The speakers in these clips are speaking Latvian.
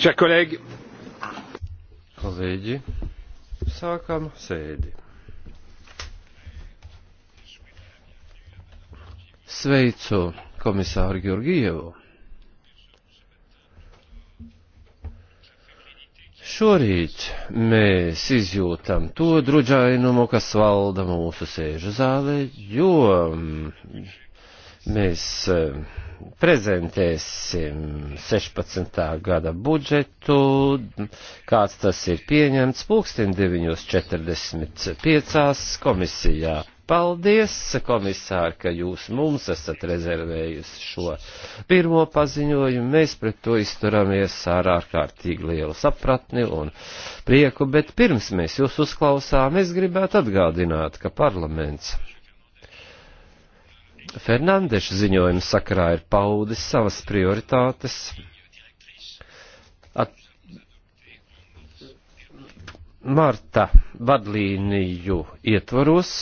Chers collègues, kolēģi, sākam sēdi. Sveicu komisāru Georgievu. Šorīt mēs izjūtam to druģainumu, kas valda mūsu sēžu zālē, jo mēs eh, prezentēsim 16. gada budžetu, kāds tas ir pieņemts pulksten 9.45 komisijā. Paldies, komisār, ka jūs mums esat rezervējusi šo pirmo paziņojumu. Mēs pret to izturamies ar ārkārtīgi lielu sapratni un prieku, bet pirms mēs jūs uzklausām, es gribētu atgādināt, ka parlaments Fernandeša ziņojuma sakarā ir paudis savas prioritātes. At Marta vadlīniju ietvaros.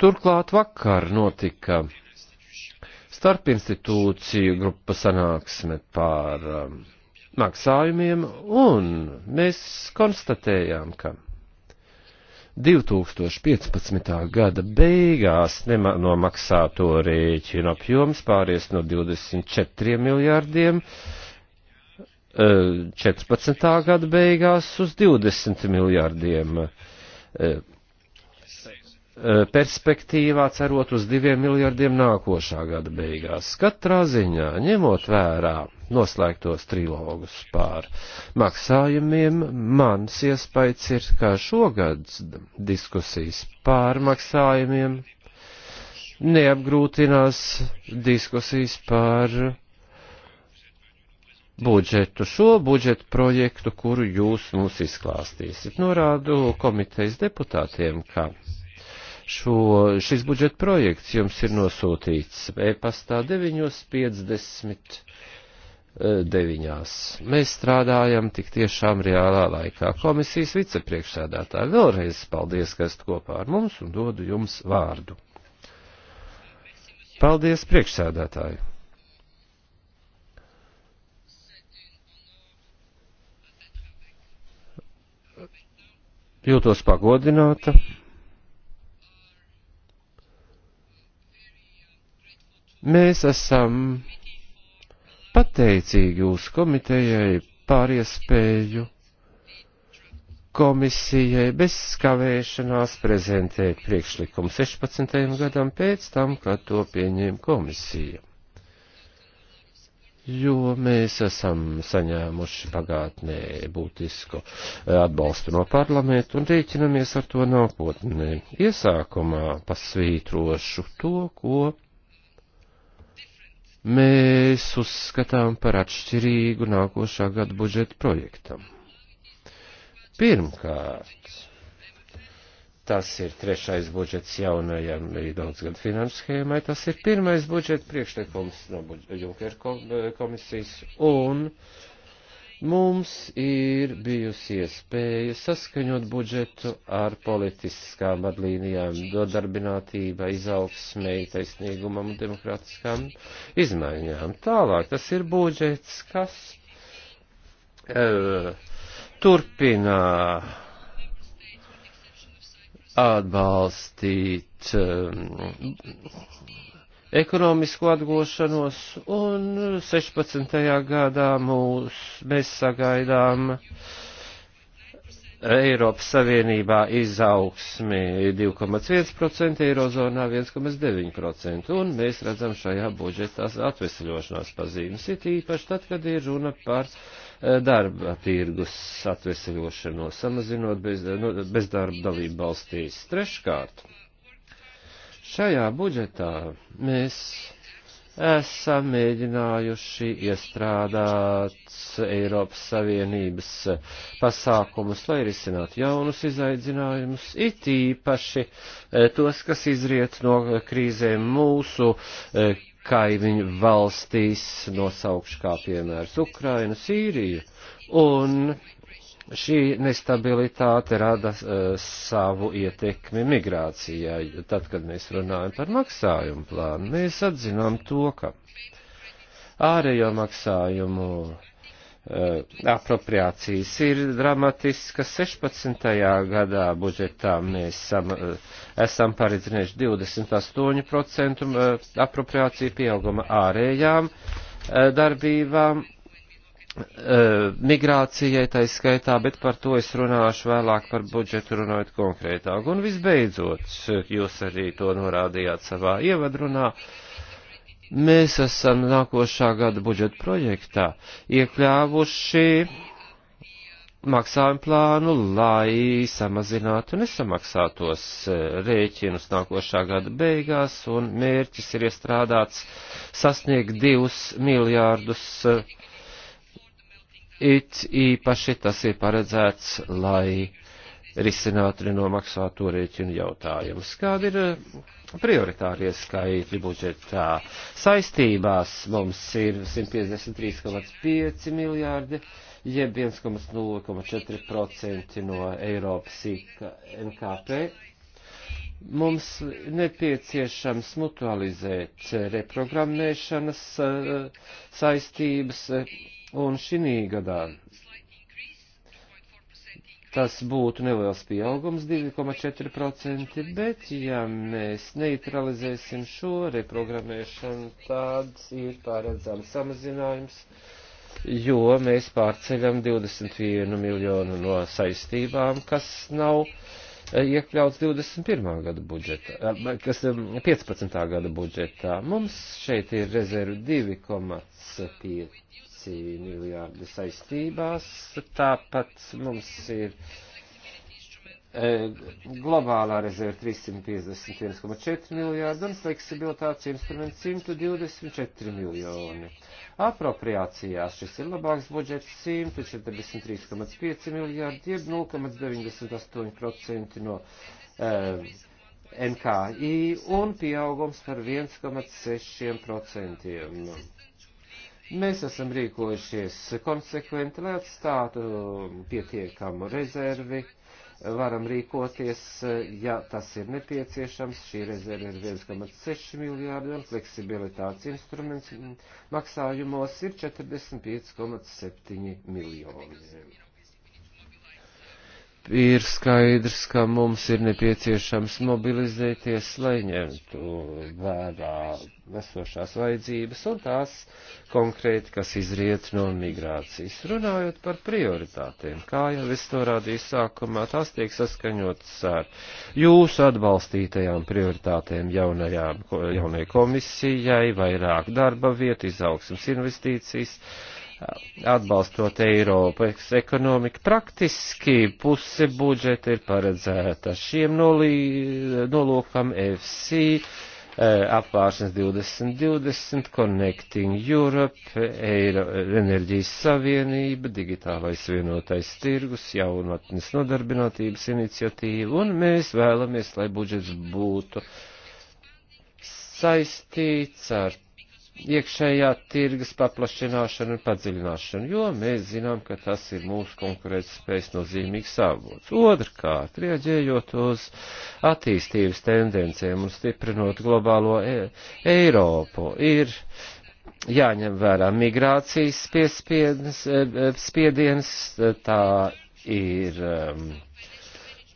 Turklāt vakar notika starp institūciju grupa sanāksme par um, maksājumiem, un mēs konstatējām, ka 2015. gada beigās nomaksāto rēķinu apjoms pāries no 24 miljārdiem 14. E, gada beigās uz 20 miljārdiem e, Eh, perspektīvā cerot uz diviem miljardiem nākošā gada beigās. Katrā ziņā, ņemot vērā noslēgtos trilogus pār maksājumiem, mans iespējas ir, ka šogad diskusijas pār maksājumiem neapgrūtinās diskusijas pār budžetu, šo budžetu projektu, kuru jūs mums izklāstīsiet. Norādu komitejas deputātiem, ka šo, šis budžeta projekts jums ir nosūtīts e-pastā 9.59. Mēs strādājam tik tiešām reālā laikā. Komisijas vicepriekšsēdētāji vēlreiz paldies, ka esat kopā ar mums un dodu jums vārdu. Paldies priekšsēdētāji! Jūtos pagodināta. Mēs esam pateicīgi jūsu komitejai par iespēju komisijai bez skavēšanās prezentēt priekšlikumu 16. gadam pēc tam, kad to pieņēma komisija. Jo mēs esam saņēmuši pagātnē būtisku eh, atbalstu no parlamentu un rēķinamies ar to nākotnē. Iesākumā pasvītrošu to, ko mēs uzskatām par atšķirīgu nākošā gada budžeta projektam. Pirmkārt, tas ir trešais budžets jaunajam daudzgadu finanšu schēmai, tas ir pirmais budžeta priekšlikums no Junkera eh, komisijas un uh, Mums ir bijusi iespēja saskaņot budžetu ar politiskām vadlīnijām, dodarbinātība, izaugsmei, taisnīgumam un demokrātiskām izmaiņām. Tālāk tas ir budžets, kas e, eh, turpinā atbalstīt e, ekonomisko atgošanos, un 16. gadā mūs, mēs sagaidām Eiropas Savienībā izaugsmi 2,1%, Eirozonā 1,9%, un mēs redzam šajā budžetā atvesļošanās pazīmes, it īpaši tad, kad ir runa par eh, darba tirgus atvesļošanos, samazinot bez, bezdarba dalību valstīs. Treškārt Šajā budžetā mēs esam mēģinājuši iestrādāt Eiropas Savienības pasākumus, lai risinātu jaunus izaicinājumus, it īpaši eh, tos, kas izriet no krīzēm mūsu eh, kaimiņu valstīs, nosaukšu kā piemērs Ukrainu, Sīriju, un šī nestabilitāte rada uh, savu ietekmi migrācijai. Tad, kad mēs runājam par maksājumu plānu, mēs atzinām to, ka ārējo maksājumu uh, apropriācijas ir dramatiskas. 16. gadā budžetā mēs sam, uh, e, esam paredzinājuši 28% apropriāciju pieauguma ārējām darbībām E, migrācijai tai skaitā, bet par to es runāšu vēlāk par budžetu runājot konkrētāk. Un visbeidzot, jūs arī to norādījāt savā ievadrunā, mēs esam nākošā gada budžeta projektā iekļāvuši maksājumu plānu, lai samazinātu nesamaksātos e, rēķinus nākošā gada beigās, un mērķis ir iestrādāts sasniegt divus miljārdus uh, It īpaši tas ir paredzēts, lai risinātu nenomaksāto rēķinu jautājumus. Kāda ir eh, prioritārie skaitļi budžetā? Saistībās mums ir 153,5 miljārdi, jeb 1,04% no Eiropas NKP. Mums nepieciešams mutualizēt reprogrammēšanas eh, saistības eh, Un šī gadā tas būtu neliels pieaugums 2,4%, bet ja mēs neutralizēsim šo reprogrammēšanu, tad ir paredzams samazinājums, jo mēs pārceļam 21 miljonu no saistībām, kas nav eh, iekļauts 21. gada budžetā, eh, kas 15. Eh, gada budžetā. Mums šeit ir rezervi 2,5 5 miljārdi saistībās, tāpat mums ir e, globālā rezerve 351,4 miljārdi un fleksibilitātes instruments 124 miljoni. Apropriācijās šis ir labāks budžets 143,5 miljārdi, jeb 0,98% no e, NKI un pieaugums par 1,6%. Mēs esam rīkojušies konsekventi, lai atstātu pietiekamu rezervi. Varam rīkoties, ja tas ir nepieciešams. Šī rezerve ir 1,6 miljārdi un fleksibilitātes instruments maksājumos ir 45,7 miljoni ir skaidrs, ka mums ir nepieciešams mobilizēties, lai ņemtu vērā esošās vajadzības un tās konkrēti, kas izriet no migrācijas. Runājot par prioritātēm, kā jau es to rādīju sākumā, tās tiek saskaņotas ar jūsu atbalstītajām prioritātēm jaunajām, jaunajai komisijai, vairāk darba vietu, izaugsmas investīcijas atbalstot Eiropas ekonomiku. Praktiski puse budžeta ir paredzēta šiem nolī, nolūkam FC, eh, apvāršanas 2020, Connecting Europe, Eiro, Enerģijas Savienība, Digitālais vienotais tirgus, jaunatnes nodarbinātības iniciatīva, un mēs vēlamies, lai budžets būtu saistīts ar iekšējā tirgas paplašināšanu un padziļināšanu, jo mēs zinām, ka tas ir mūsu konkurētspējas nozīmīgs avots. Otrkārt, rieģējot uz attīstības tendencēm un stiprinot globālo e Eiropu, ir jāņem vērā migrācijas e, e, spiediens, tā ir. Um,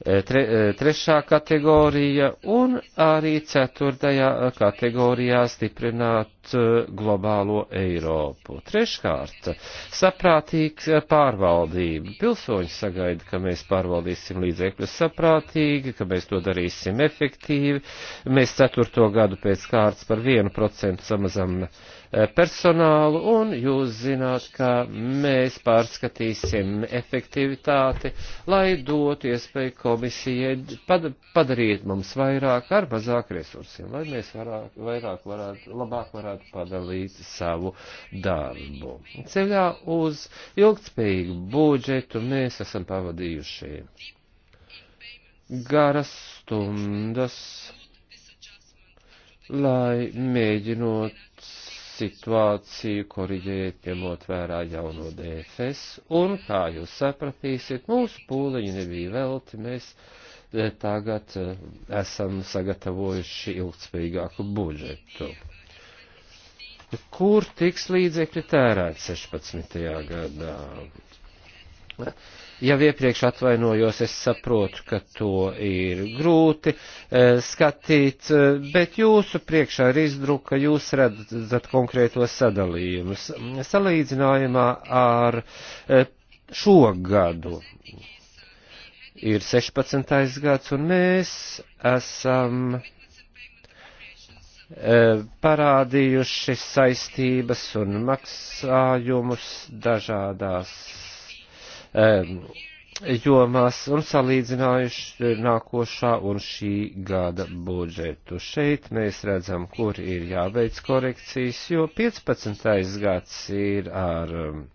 Eh, tre, eh, trešā kategorija un arī ceturtajā eh, kategorijā stiprināt globālo Eiropu. Treškārt, saprātīgs pārvaldība. Pilsoņi sagaida, ka mēs pārvaldīsim līdzekļus saprātīgi, ka mēs to darīsim efektīvi. Mēs ceturto gadu pēc kārtas par vienu procentu samazinām Eh, personālu, un jūs zināt, ka mēs pārskatīsim efektivitāti, lai dotu iespēju komisijai pad padarīt mums vairāk ar mazāk resursiem, lai mēs vairāk, vairāk varētu, labāk varētu padalīt savu darbu. Ceļā uz ilgtspējīgu budžetu mēs esam pavadījuši garas stundas, lai mēģinot situāciju korģēt, ņemot vērā jauno DFS, un, kā jūs sapratīsiet, mūsu pūliņi nebija velti, mēs e, tagad e, esam sagatavojuši ilgspējīgāku budžetu. Kur tiks līdzekļi tērēt 16. gadā? jau iepriekš atvainojos, es saprotu, ka to ir grūti e, skatīt, e, bet jūsu priekšā ir izdruka, jūs redzat konkrētos sadalījumus. Salīdzinājumā ar e, šo gadu ir 16. gads, un mēs esam parādījuši saistības un maksājumus dažādās Um, jomās un salīdzinājuši nākošā un šī gada budžetu. Šeit mēs redzam, kur ir jāveic korekcijas, jo 15. gads ir ar um,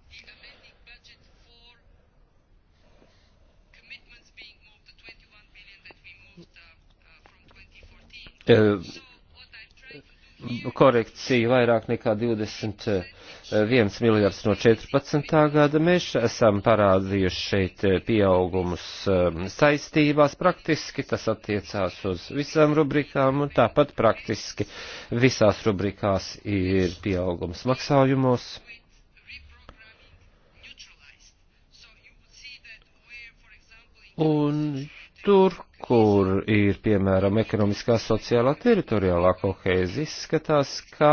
um, korekciju vairāk nekā 20 1 miljards no 14. gada. Mēs esam parādījuši šeit eh, pieaugumus eh, saistībās praktiski, tas attiecās uz visām rubrikām un tāpat praktiski visās rubrikās ir pieaugums maksājumos. Un tur, kur ir, piemēram, ekonomiskā, sociālā, teritoriālā kohēzija, izskatās, ka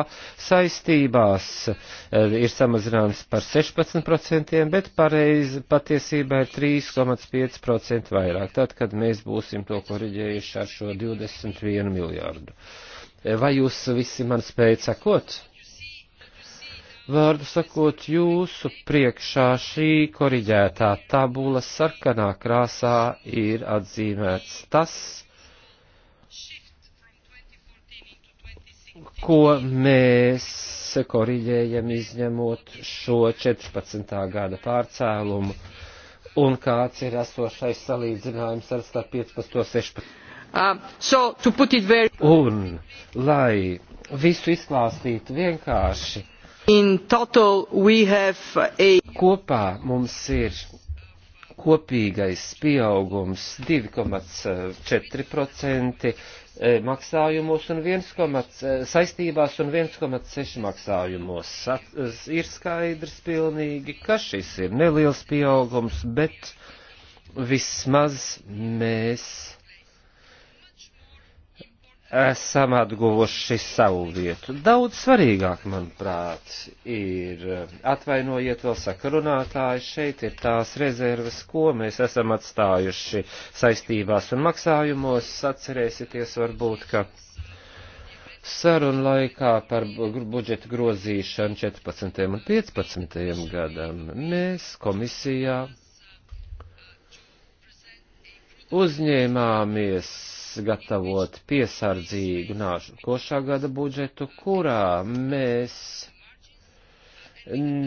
saistībās eh, ir samazinājums par 16%, bet pareiz patiesībā ir 3,5% vairāk, tad, kad mēs būsim to koriģējuši ar šo 21 miljārdu. Vai jūs visi man spējat sakot? Vārdu sakot, jūsu priekšā šī koriģētā tabula sarkanā krāsā ir atzīmēts tas, ko mēs koriģējam izņemot šo 14. gada pārcēlumu un kāds ir esošais salīdzinājums ar starp 15. un 16. Um, so, very... Un, lai visu izklāstītu vienkārši, A... Kopā mums ir kopīgais pieaugums 2,4% eh, eh, maksājumos un 1, eh, saistībās un 1,6 maksājumos. Ir skaidrs pilnīgi, ka šis ir neliels pieaugums, bet vismaz mēs esam atguvuši savu vietu. Daudz svarīgāk, manuprāt, ir atvainojiet vēl sakarunātāji, šeit ir tās rezerves, ko mēs esam atstājuši saistībās un maksājumos. Atcerēsieties varbūt, ka sarunu laikā par budžeta grozīšanu 14. un 15. gadam mēs komisijā uzņēmāmies gatavot piesardzīgu nākošā gada budžetu, kurā mēs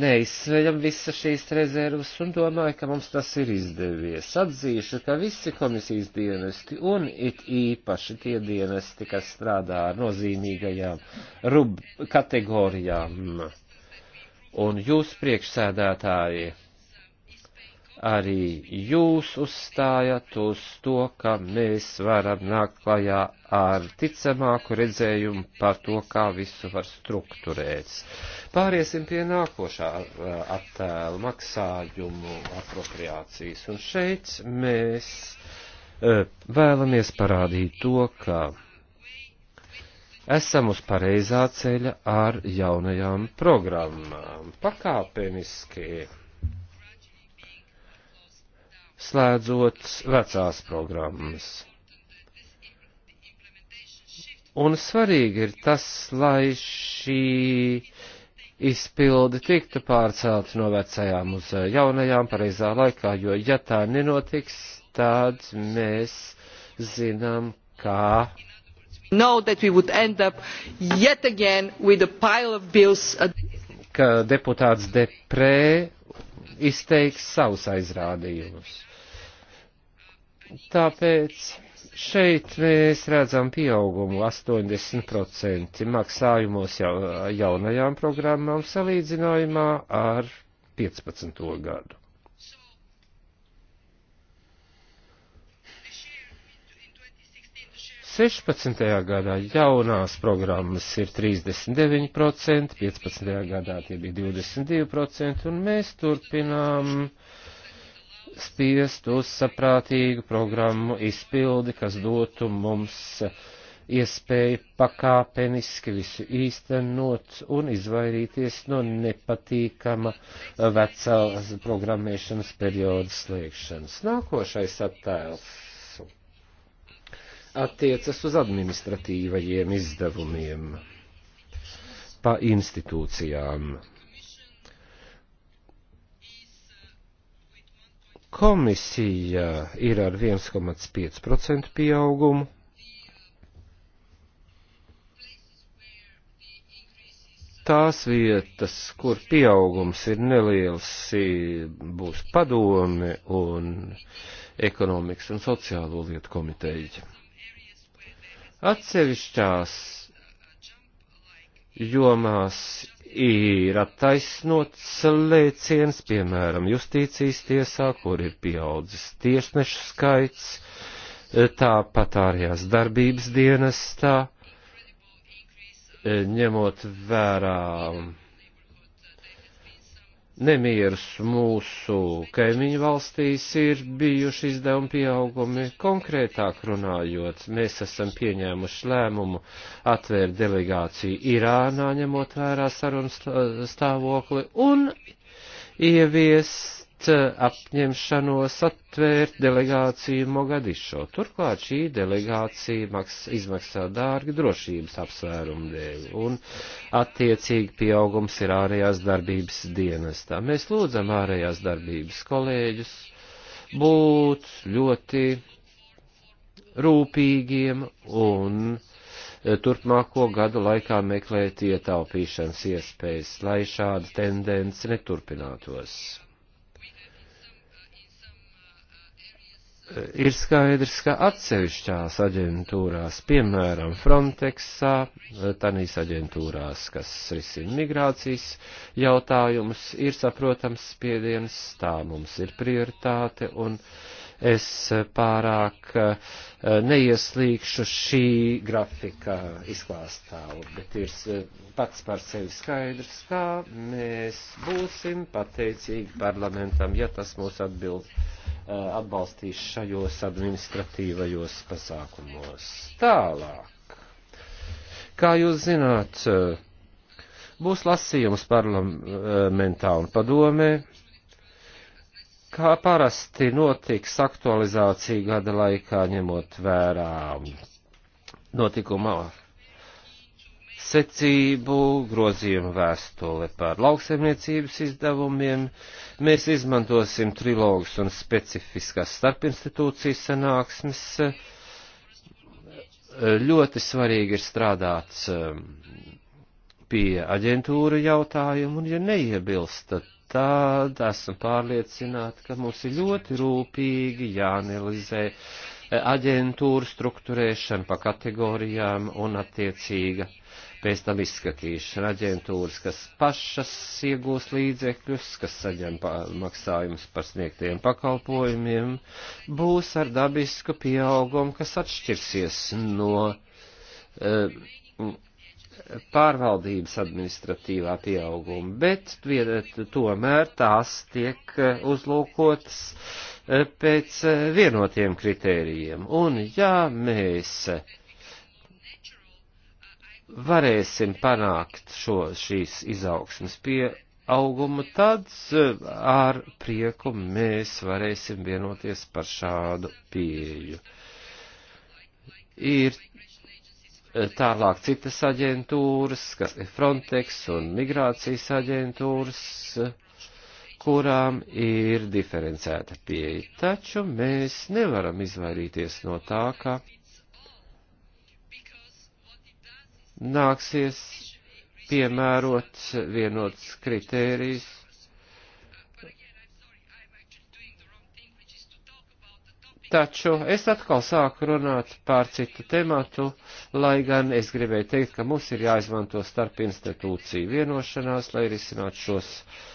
neizsveļam visas šīs rezervas un domāju, ka mums tas ir izdevies. Atzīšu, ka visi komisijas dienesti un it īpaši tie dienesti, kas strādā ar nozīmīgajām rub kategorijām un jūs priekšsēdētāji arī jūs uzstājat uz to, ka mēs varam nākt klajā ar ticamāku redzējumu par to, kā visu var strukturēt. Pāriesim pie nākošā eh, attēla maksājumu apropriācijas. Un šeit mēs eh, vēlamies parādīt to, ka esam uz pareizā ceļa ar jaunajām programmām. Pakāpeniski slēdzot vecās programmas. Un svarīgi ir tas, lai šī izpildi tiktu pārcelt no vecajām uz jaunajām pareizā laikā, jo ja tā nenotiks, tad mēs zinām, kā. Know that we would end up yet again with a pile of bills. Ka deputāts Deprē izteiks savus aizrādījumus. Tāpēc šeit mēs redzam pieaugumu 80% maksājumos jau, jaunajām programmām salīdzinājumā ar 15. gadu. Sešpadsmitajā gadā jaunās programmas ir 39%, 15. gadā tie bija 22%, un mēs turpinām uh, spiest uz saprātīgu programmu izpildi, kas dotu mums iespēju pakāpeniski visu īstenot un izvairīties no nepatīkama vecās programmēšanas perioda slēgšanas. Nākošais attēls attiecas uz administratīvajiem izdevumiem pa institūcijām. Komisija ir ar 1,5% pieaugumu. Tās vietas, kur pieaugums ir neliels, būs padome un ekonomikas un sociālo lietu komiteja. Atsevišķās jomās ir attaisnots lēciens, piemēram, justīcijas tiesā, kur ir pieaudzis tiesnešu skaits, e, tāpat ārējās darbības dienestā, e, ņemot vērā nemierus mūsu kaimiņu valstīs ir bijuši izdevumi pieaugumi. Konkrētāk runājot, mēs esam pieņēmuši lēmumu atvērt delegāciju Irānā, ņemot vērā sarunu stāvokli, un ieviest Eh, apņemšanos atvērt delegāciju Mogadišo. Turklāt šī delegācija maks, izmaksā dārgi drošības apsvērumu dēļ, un attiecīgi pieaugums ir ārējās darbības dienestā. Mēs lūdzam ārējās darbības kolēģus būt ļoti rūpīgiem un eh, turpmāko gadu laikā meklēt ietaupīšanas iespējas, lai šāda tendence neturpinātos. Eh, ir skaidrs, ka atsevišķās aģentūrās, piemēram, Frontexā, eh, tanīs aģentūrās, kas risina migrācijas jautājumus, ir saprotams spiediens, tā mums ir prioritāte, un es pārāk eh, neieslīgšu šī grafika izklāstā, bet ir pats par sevi skaidrs, kā mēs būsim pateicīgi parlamentam, ja tas mūs atbild Eh, atbalstīs šajos administratīvajos pasākumos. Tālāk. Kā jūs zināt, eh, būs lasījums parlamentā un padomē, kā parasti notiks aktualizācija gada laikā, ņemot vērā notikumā secību, grozījumu vēstule par lauksaimniecības izdevumiem. Mēs izmantosim trilogus un specifiskās starpinstitūcijas sanāksmes. Ļoti svarīgi ir strādāt um, pie aģentūra jautājumu, un ja neiebilstat, tad esmu pārliecināta, ka mums ir ļoti rūpīgi jāanalizē eh, aģentūru struktūrēšana pa kategorijām un attiecīga pēc tam izskatīšana aģentūras, kas pašas iegūs līdzekļus, kas saņem maksājumus par sniegtiem pakalpojumiem, būs ar dabisku pieaugumu, kas atšķirsies no uh, pārvaldības administratīvā pieauguma, bet tomēr tās tiek eh, uzlūkotas eh, pēc vienotiem kritērijiem. Un ja mēs uh, varēsim panākt šo, šīs izaugsmas pieaugumu, tad eh, ar prieku mēs varēsim vienoties par šādu pieeju. Ir eh, tālāk citas aģentūras, kas ir Frontex un migrācijas aģentūras, kurām ir diferencēta pieeja. Taču mēs nevaram izvairīties no tā, ka nāksies piemērot vienots kritērijs. Taču es atkal sāku runāt par citu tematu, lai gan es gribēju teikt, ka mums ir jāizmanto starp institūciju vienošanās, lai risinātu šos uh,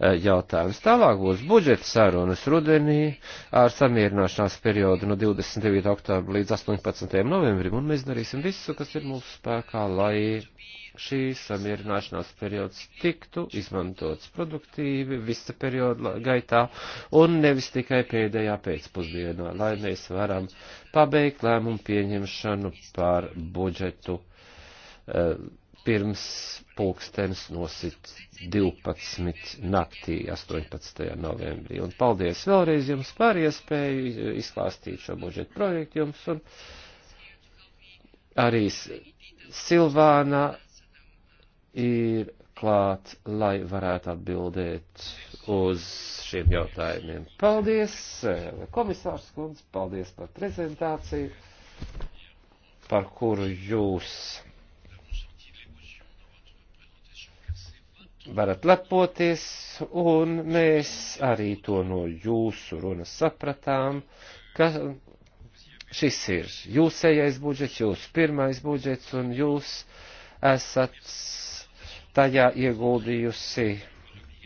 Eh, jautājums. Tālāk būs budžeta sarunas rudenī ar samierināšanās periodu no 29. oktobra līdz 18. novembrim, un mēs darīsim visu, kas ir mūsu spēkā, lai šī samierināšanās periods tiktu izmantots produktīvi visa perioda gaitā un nevis tikai pēdējā pēcpusdienā, lai mēs varam pabeigt lēmumu pieņemšanu par budžetu. Uh, pirms pulkstens nosit 12 naktī 18. novembrī. Un paldies vēlreiz jums par iespēju izklāstīt šo budžetu projektu jums un arī Silvāna ir klāt, lai varētu atbildēt uz šiem jautājumiem. Paldies, eh, komisārs kundze, paldies par prezentāciju, par kuru jūs varat lepoties, un mēs arī to no jūsu runas sapratām, ka šis ir jūsējais budžets, jūsu pirmais budžets, un jūs esat tajā ieguldījusi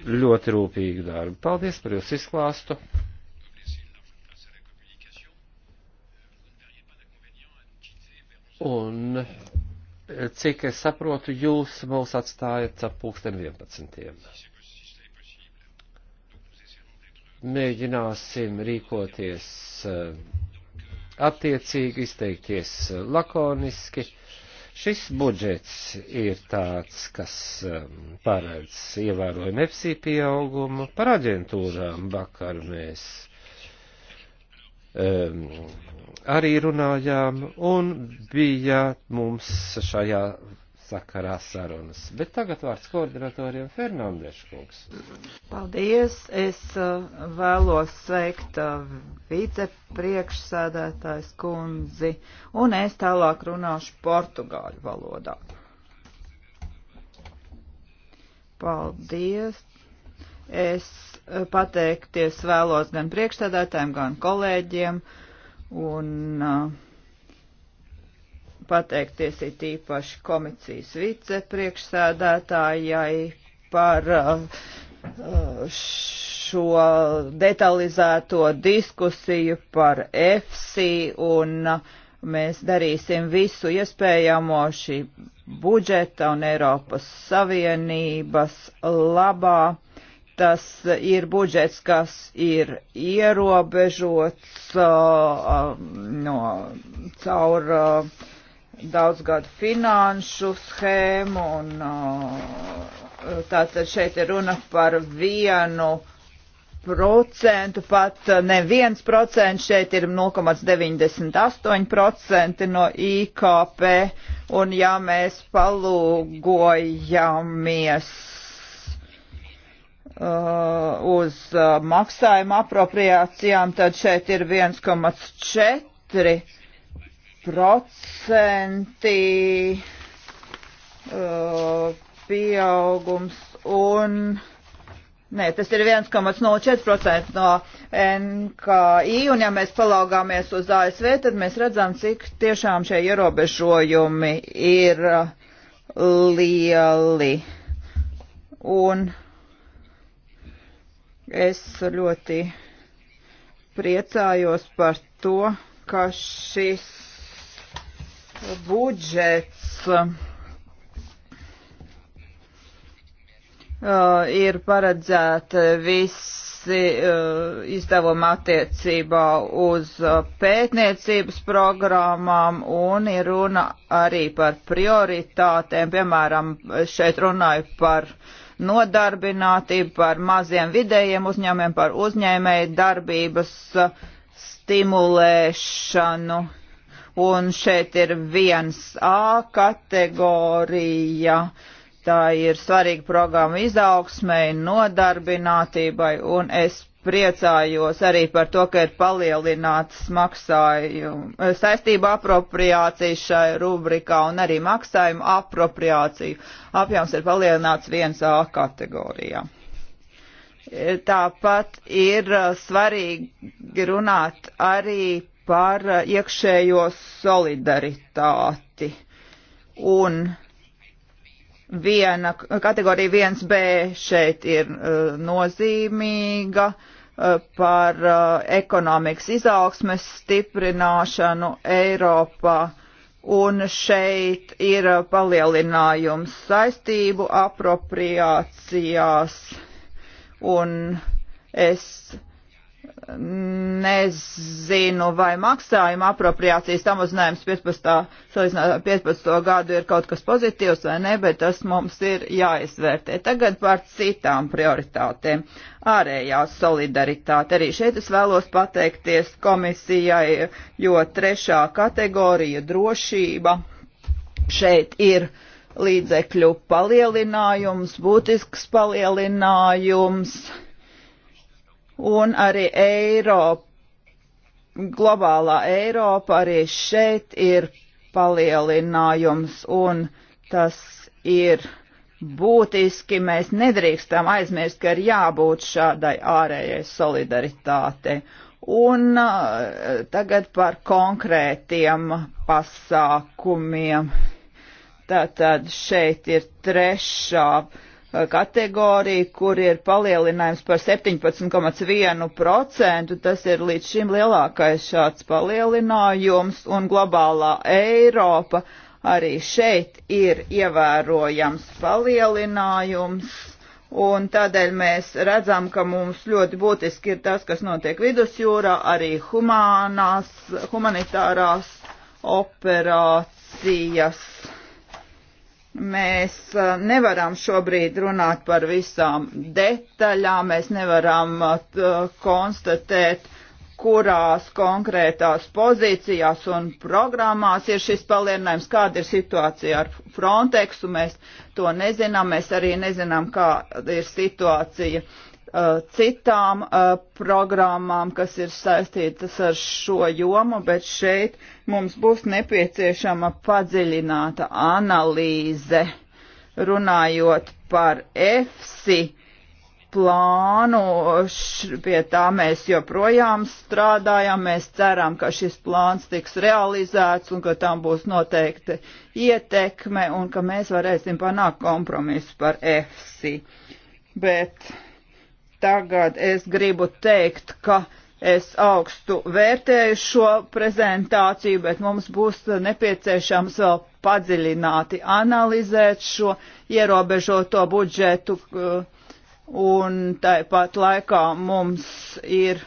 ļoti rūpīgu darbu. Paldies par jūsu izklāstu. Un Cik es saprotu, jūs mūs atstājat ap pulksten 11. Mēģināsim rīkoties eh, attiecīgi, izteikties lakoniski. Šis budžets ir tāds, kas eh, paredz ievērojumu EFSI pieaugumu. Par aģentūrām vakar mēs um, arī runājām, un bija mums šajā sakarā sarunas. Bet tagad vārds koordinatoriem Fernandeša kungs. Paldies! Es eh, vēlos sveikt eh, vicepriekšsēdētājs kundzi, un es tālāk runāšu portugāļu valodā. Paldies! Es pateikties vēlos gan priekšstādātājiem, gan kolēģiem un uh, pateikties it īpaši komisijas vicepriekšsēdētājai par uh, šo detalizēto diskusiju par EFSI un uh, mēs darīsim visu iespējamo šī budžeta un Eiropas Savienības labā tas ir budžets, kas ir ierobežots uh, no, caur uh, daudzgadu finanšu schēmu, un uh, tātad šeit ir runa par vienu procentu, pat uh, neviens procents, šeit ir 0,98% no IKP, un ja mēs palūgojamies Uh, uz uh, maksājuma apropriācijām, tad šeit ir 1,4 procenti uh, pieaugums un Nē, tas ir 1,04% no NKI, un ja mēs palaugāmies uz ASV, tad mēs redzam, cik tiešām šie ierobežojumi ir lieli. Un uh, Es ļoti priecājos par to, ka šis budžets Uh, ir paredzēta visi uh, izdevumi attiecībā uz uh, pētniecības programmām un ir runa arī par prioritātēm. Piemēram, šeit runāju par uh, nodarbinātību, par maziem vidējiem uzņēmumiem, par uzņēmēju darbības uh, stimulēšanu. Un šeit ir viens A kategorija. Tā ir svarīga programma izaugsmai, nodarbinātībai, un es priecājos arī par to, ka ir palielināts maksājumu eh, saistību apropriācijas šai rubrikā un arī maksājumu apropriāciju. Apjoms ir palielināts 1A kategorijā. Eh, tāpat ir eh, svarīgi runāt arī par iekšējo solidaritāti. Un viena, kategorija 1B šeit ir uh, nozīmīga uh, par uh, ekonomikas izaugsmes stiprināšanu Eiropā. Un šeit ir palielinājums saistību apropriācijās. Un es uh, nezinu, vai maksājuma apropriācijas tam uzņēmums 15. 15. gadu ir kaut kas pozitīvs vai ne, bet tas mums ir jāizvērtē. Tagad par citām prioritātēm. Ārējā solidaritāte. Arī šeit es vēlos pateikties komisijai, jo trešā kategorija drošība šeit ir līdzekļu palielinājums, būtisks palielinājums un arī Eiropa, globālā Eiropa arī šeit ir palielinājums un tas ir būtiski. Mēs nedrīkstam aizmirst, ka ir jābūt šādai ārējai solidaritātei. Un uh, tagad par konkrētiem pasākumiem. Tātad šeit ir trešā kategoriju, kur ir palielinājums par 17,1%. Tas ir līdz šim lielākais šāds palielinājums, un globālā Eiropa arī šeit ir ievērojams palielinājums. Un tādēļ mēs redzam, ka mums ļoti būtiski ir tas, kas notiek vidusjūrā, arī humānās, humanitārās operācijas. Mēs eh, nevaram šobrīd runāt par visām detaļām, mēs nevaram eh, konstatēt, kurās konkrētās pozīcijās un programmās ir šis palielinājums, kāda ir situācija ar Frontexu, mēs to nezinām, mēs arī nezinām, kāda ir situācija Eh, citām uh, programmām, kas ir saistītas ar šo jomu, bet šeit mums būs nepieciešama padziļināta analīze runājot par EFSI plānu, š, pie tā mēs joprojām strādājam, mēs ceram, ka šis plāns tiks realizēts un ka tam būs noteikti ietekme un ka mēs varēsim panākt kompromisu par EFSI. Bet uh, Tagad es gribu teikt, ka es augstu vērtēju šo prezentāciju, bet mums būs nepieciešams vēl padziļināti analizēt šo ierobežoto budžetu, eh, un tāpat laikā mums ir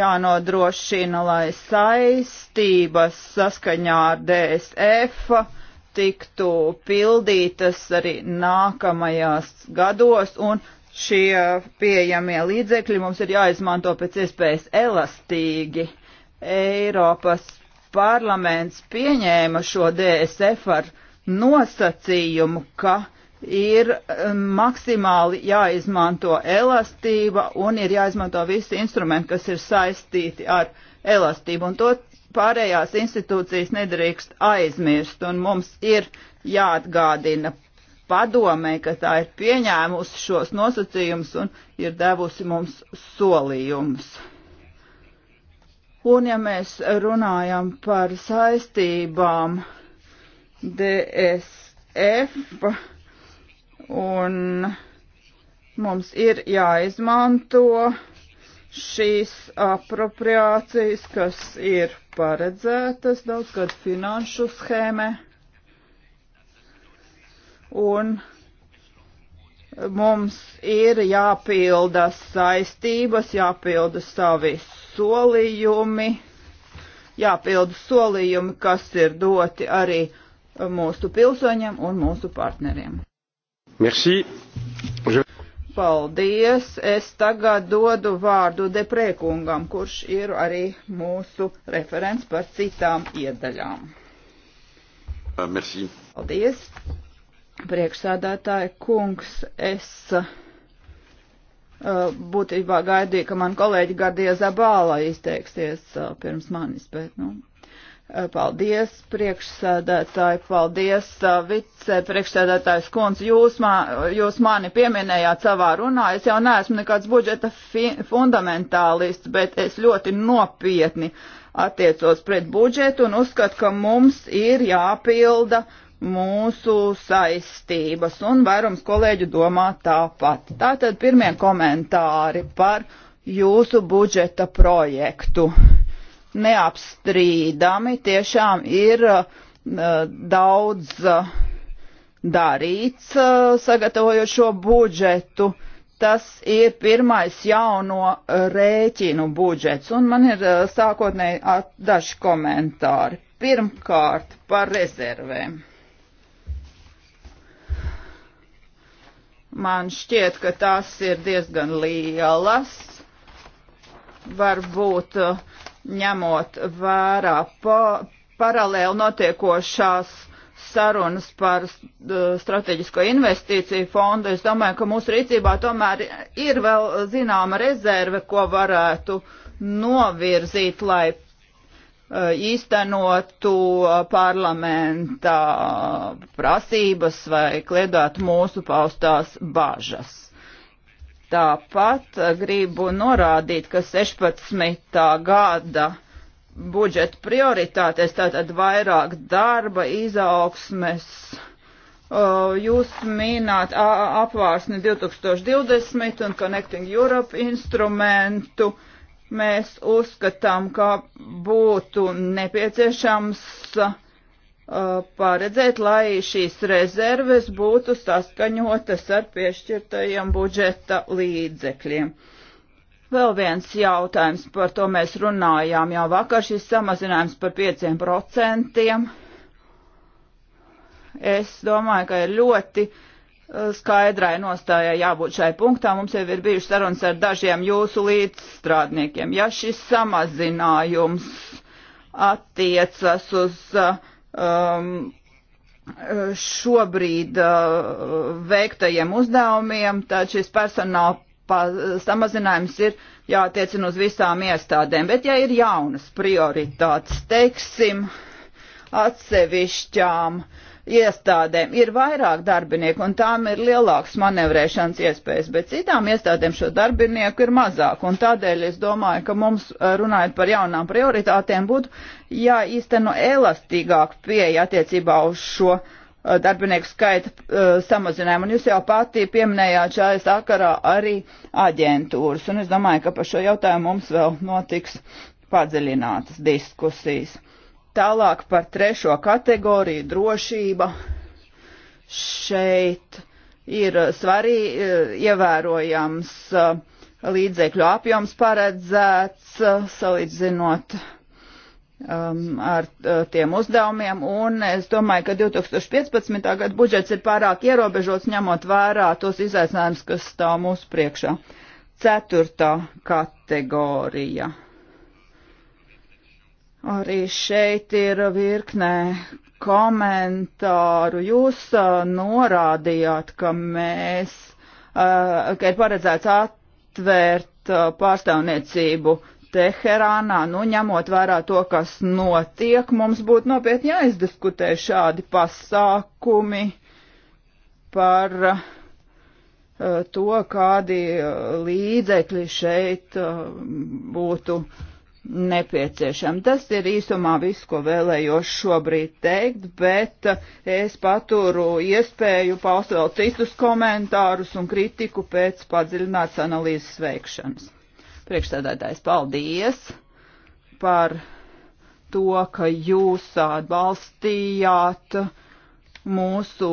jānodrošina, lai saistības saskaņā ar DSF tiktu pildītas arī nākamajās gados, un šie pieejamie līdzekļi mums ir jāizmanto pēc iespējas elastīgi. Eiropas parlaments pieņēma šo DSF ar nosacījumu, ka ir um, maksimāli jāizmanto elastība un ir jāizmanto visi instrumenti, kas ir saistīti ar elastību. Un to pārējās institūcijas nedrīkst aizmirst, un mums ir jāatgādina padomē, ka tā ir pieņēmusi šos nosacījumus un ir devusi mums solījumus. Un ja mēs runājam par saistībām DSF un mums ir jāizmanto šīs apropriācijas, kas ir paredzētas daudzgad finanšu schēmē un mums ir jāpilda saistības, jāpilda savi solījumi, jāpilda solījumi, kas ir doti arī mūsu pilsoņiem un mūsu partneriem. Merci. Je... Paldies! Es tagad dodu vārdu deprēkungam, kurš ir arī mūsu referents par citām iedaļām. Ah, merci. Paldies! priekšsādātāja kungs, es uh, būtībā gaidīju, ka man kolēģi Gardie Zabāla izteiksies uh, pirms manis, bet, nu, uh, paldies priekšsēdētāji, paldies vicepriekšsēdētājs kundz, jūs, man, jūs mani pieminējāt savā runā, es jau neesmu nekāds budžeta fundamentālists, bet es ļoti nopietni attiecos pret budžetu un uzskatu, ka mums ir jāpilda uh, mūsu saistības, un vairums kolēģu domā tāpat. Tātad pirmie komentāri par jūsu budžeta projektu. Neapstrīdami tiešām ir uh, daudz uh, darīts, uh, sagatavojot šo budžetu. Tas ir pirmais jauno rēķinu budžets, un man ir uh, sākotnēji daži komentāri. Pirmkārt par rezervēm Man šķiet, ka tās ir diezgan lielas. Varbūt uh, ņemot vērā pa, paralēli notiekošās sarunas par uh, strateģisko investīciju fondu, es domāju, ka mūsu rīcībā tomēr ir vēl zināma rezerve, ko varētu novirzīt, lai Eh, īstenotu eh, parlamenta eh, prasības vai kliedētu mūsu paustās bažas. Tāpat gribu norādīt, ka 16. gada budžeta prioritātēs tātad vairāk darba, izaugsmes, jūs mīnāt apvārsni 2020 un Connecting Europe instrumentu, uh, Mēs uzskatām, ka būtu nepieciešams uh, paredzēt, lai šīs rezerves būtu saskaņotas ar piešķirtajiem budžeta līdzekļiem. Vēl viens jautājums, par to mēs runājām jau vakar, šis samazinājums par 5%. Es domāju, ka ir ļoti uh, Eh, skaidrai nostājai jābūt šai punktā. Mums jau ir bijušas sarunas ar dažiem jūsu līdzstrādniekiem. Ja šis samazinājums attiecas uz eh, um, eh, šobrīd uh, veiktajiem uzdevumiem, tad šis personāla samazinājums ir jātiecina uz visām iestādēm. Bet ja ir jaunas prioritātes, teiksim, atsevišķām uh, iestādēm ir vairāk darbinieku un tām ir lielāks manevrēšanas iespējas, bet citām iestādēm šo darbinieku ir mazāk. Un tādēļ es domāju, ka mums eh, runājot par jaunām prioritātēm būtu jāīsteno elastīgāk pieeja attiecībā uz šo eh, darbinieku skaita uh, samazinājumu. Un jūs jau pati pieminējāt šajā sakarā arī aģentūras. Un es domāju, ka par šo jautājumu mums vēl notiks padziļinātas diskusijas. Tālāk par trešo kategoriju - drošība. Šeit ir svarīgi eh, ievērojams eh, līdzekļu apjoms paredzēts, eh, salīdzinot um, ar tiem uzdevumiem, un es domāju, ka 2015. gada budžets ir pārāk ierobežots, ņemot vērā tos izaicinājumus, kas stāv mūsu priekšā. Ceturtā kategorija Arī šeit ir virknē komentāru. Jūs norādījāt, ka mēs, ka ir paredzēts atvērt pārstāvniecību Teherānā, nu ņemot vērā to, kas notiek, mums būtu nopietni jāizdiskutē šādi pasākumi par to, kādi līdzekļi šeit būtu uh, nepieciešama. Tas ir īsumā viss, ko vēlējos šobrīd teikt, bet uh, es paturu iespēju paust vēl citus komentārus un kritiku pēc padziļināts analīzes veikšanas. Priekšstādātājs, paldies par to, ka jūs atbalstījāt mūsu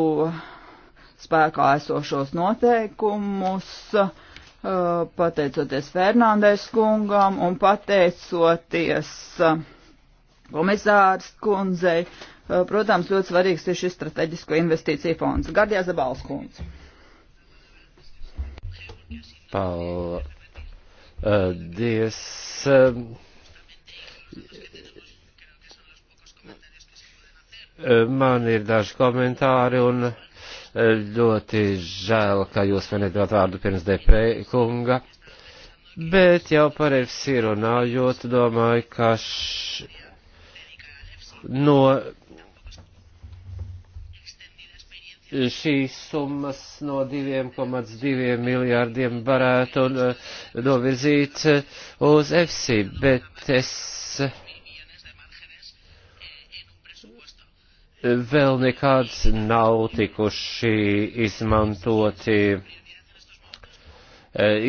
spēkā esošos noteikumus. Uh, pateicoties Fernandes kungam un pateicoties uh, komisārs kundzei. Uh, protams, ļoti svarīgs ir šis strateģisko investīciju fonds. Gardijā Zabals kundze. Paldies. Man ir daži komentāri un Ļoti žēl, ka jūs man nedod vārdu pirms deprē kunga, bet jau par FC runājot, domāju, ka š... no šīs summas no 2,2 miljārdiem varētu uh, novirzīt uh, uz FC, bet es vēl nekāds nav tikuši izmantoti, eh,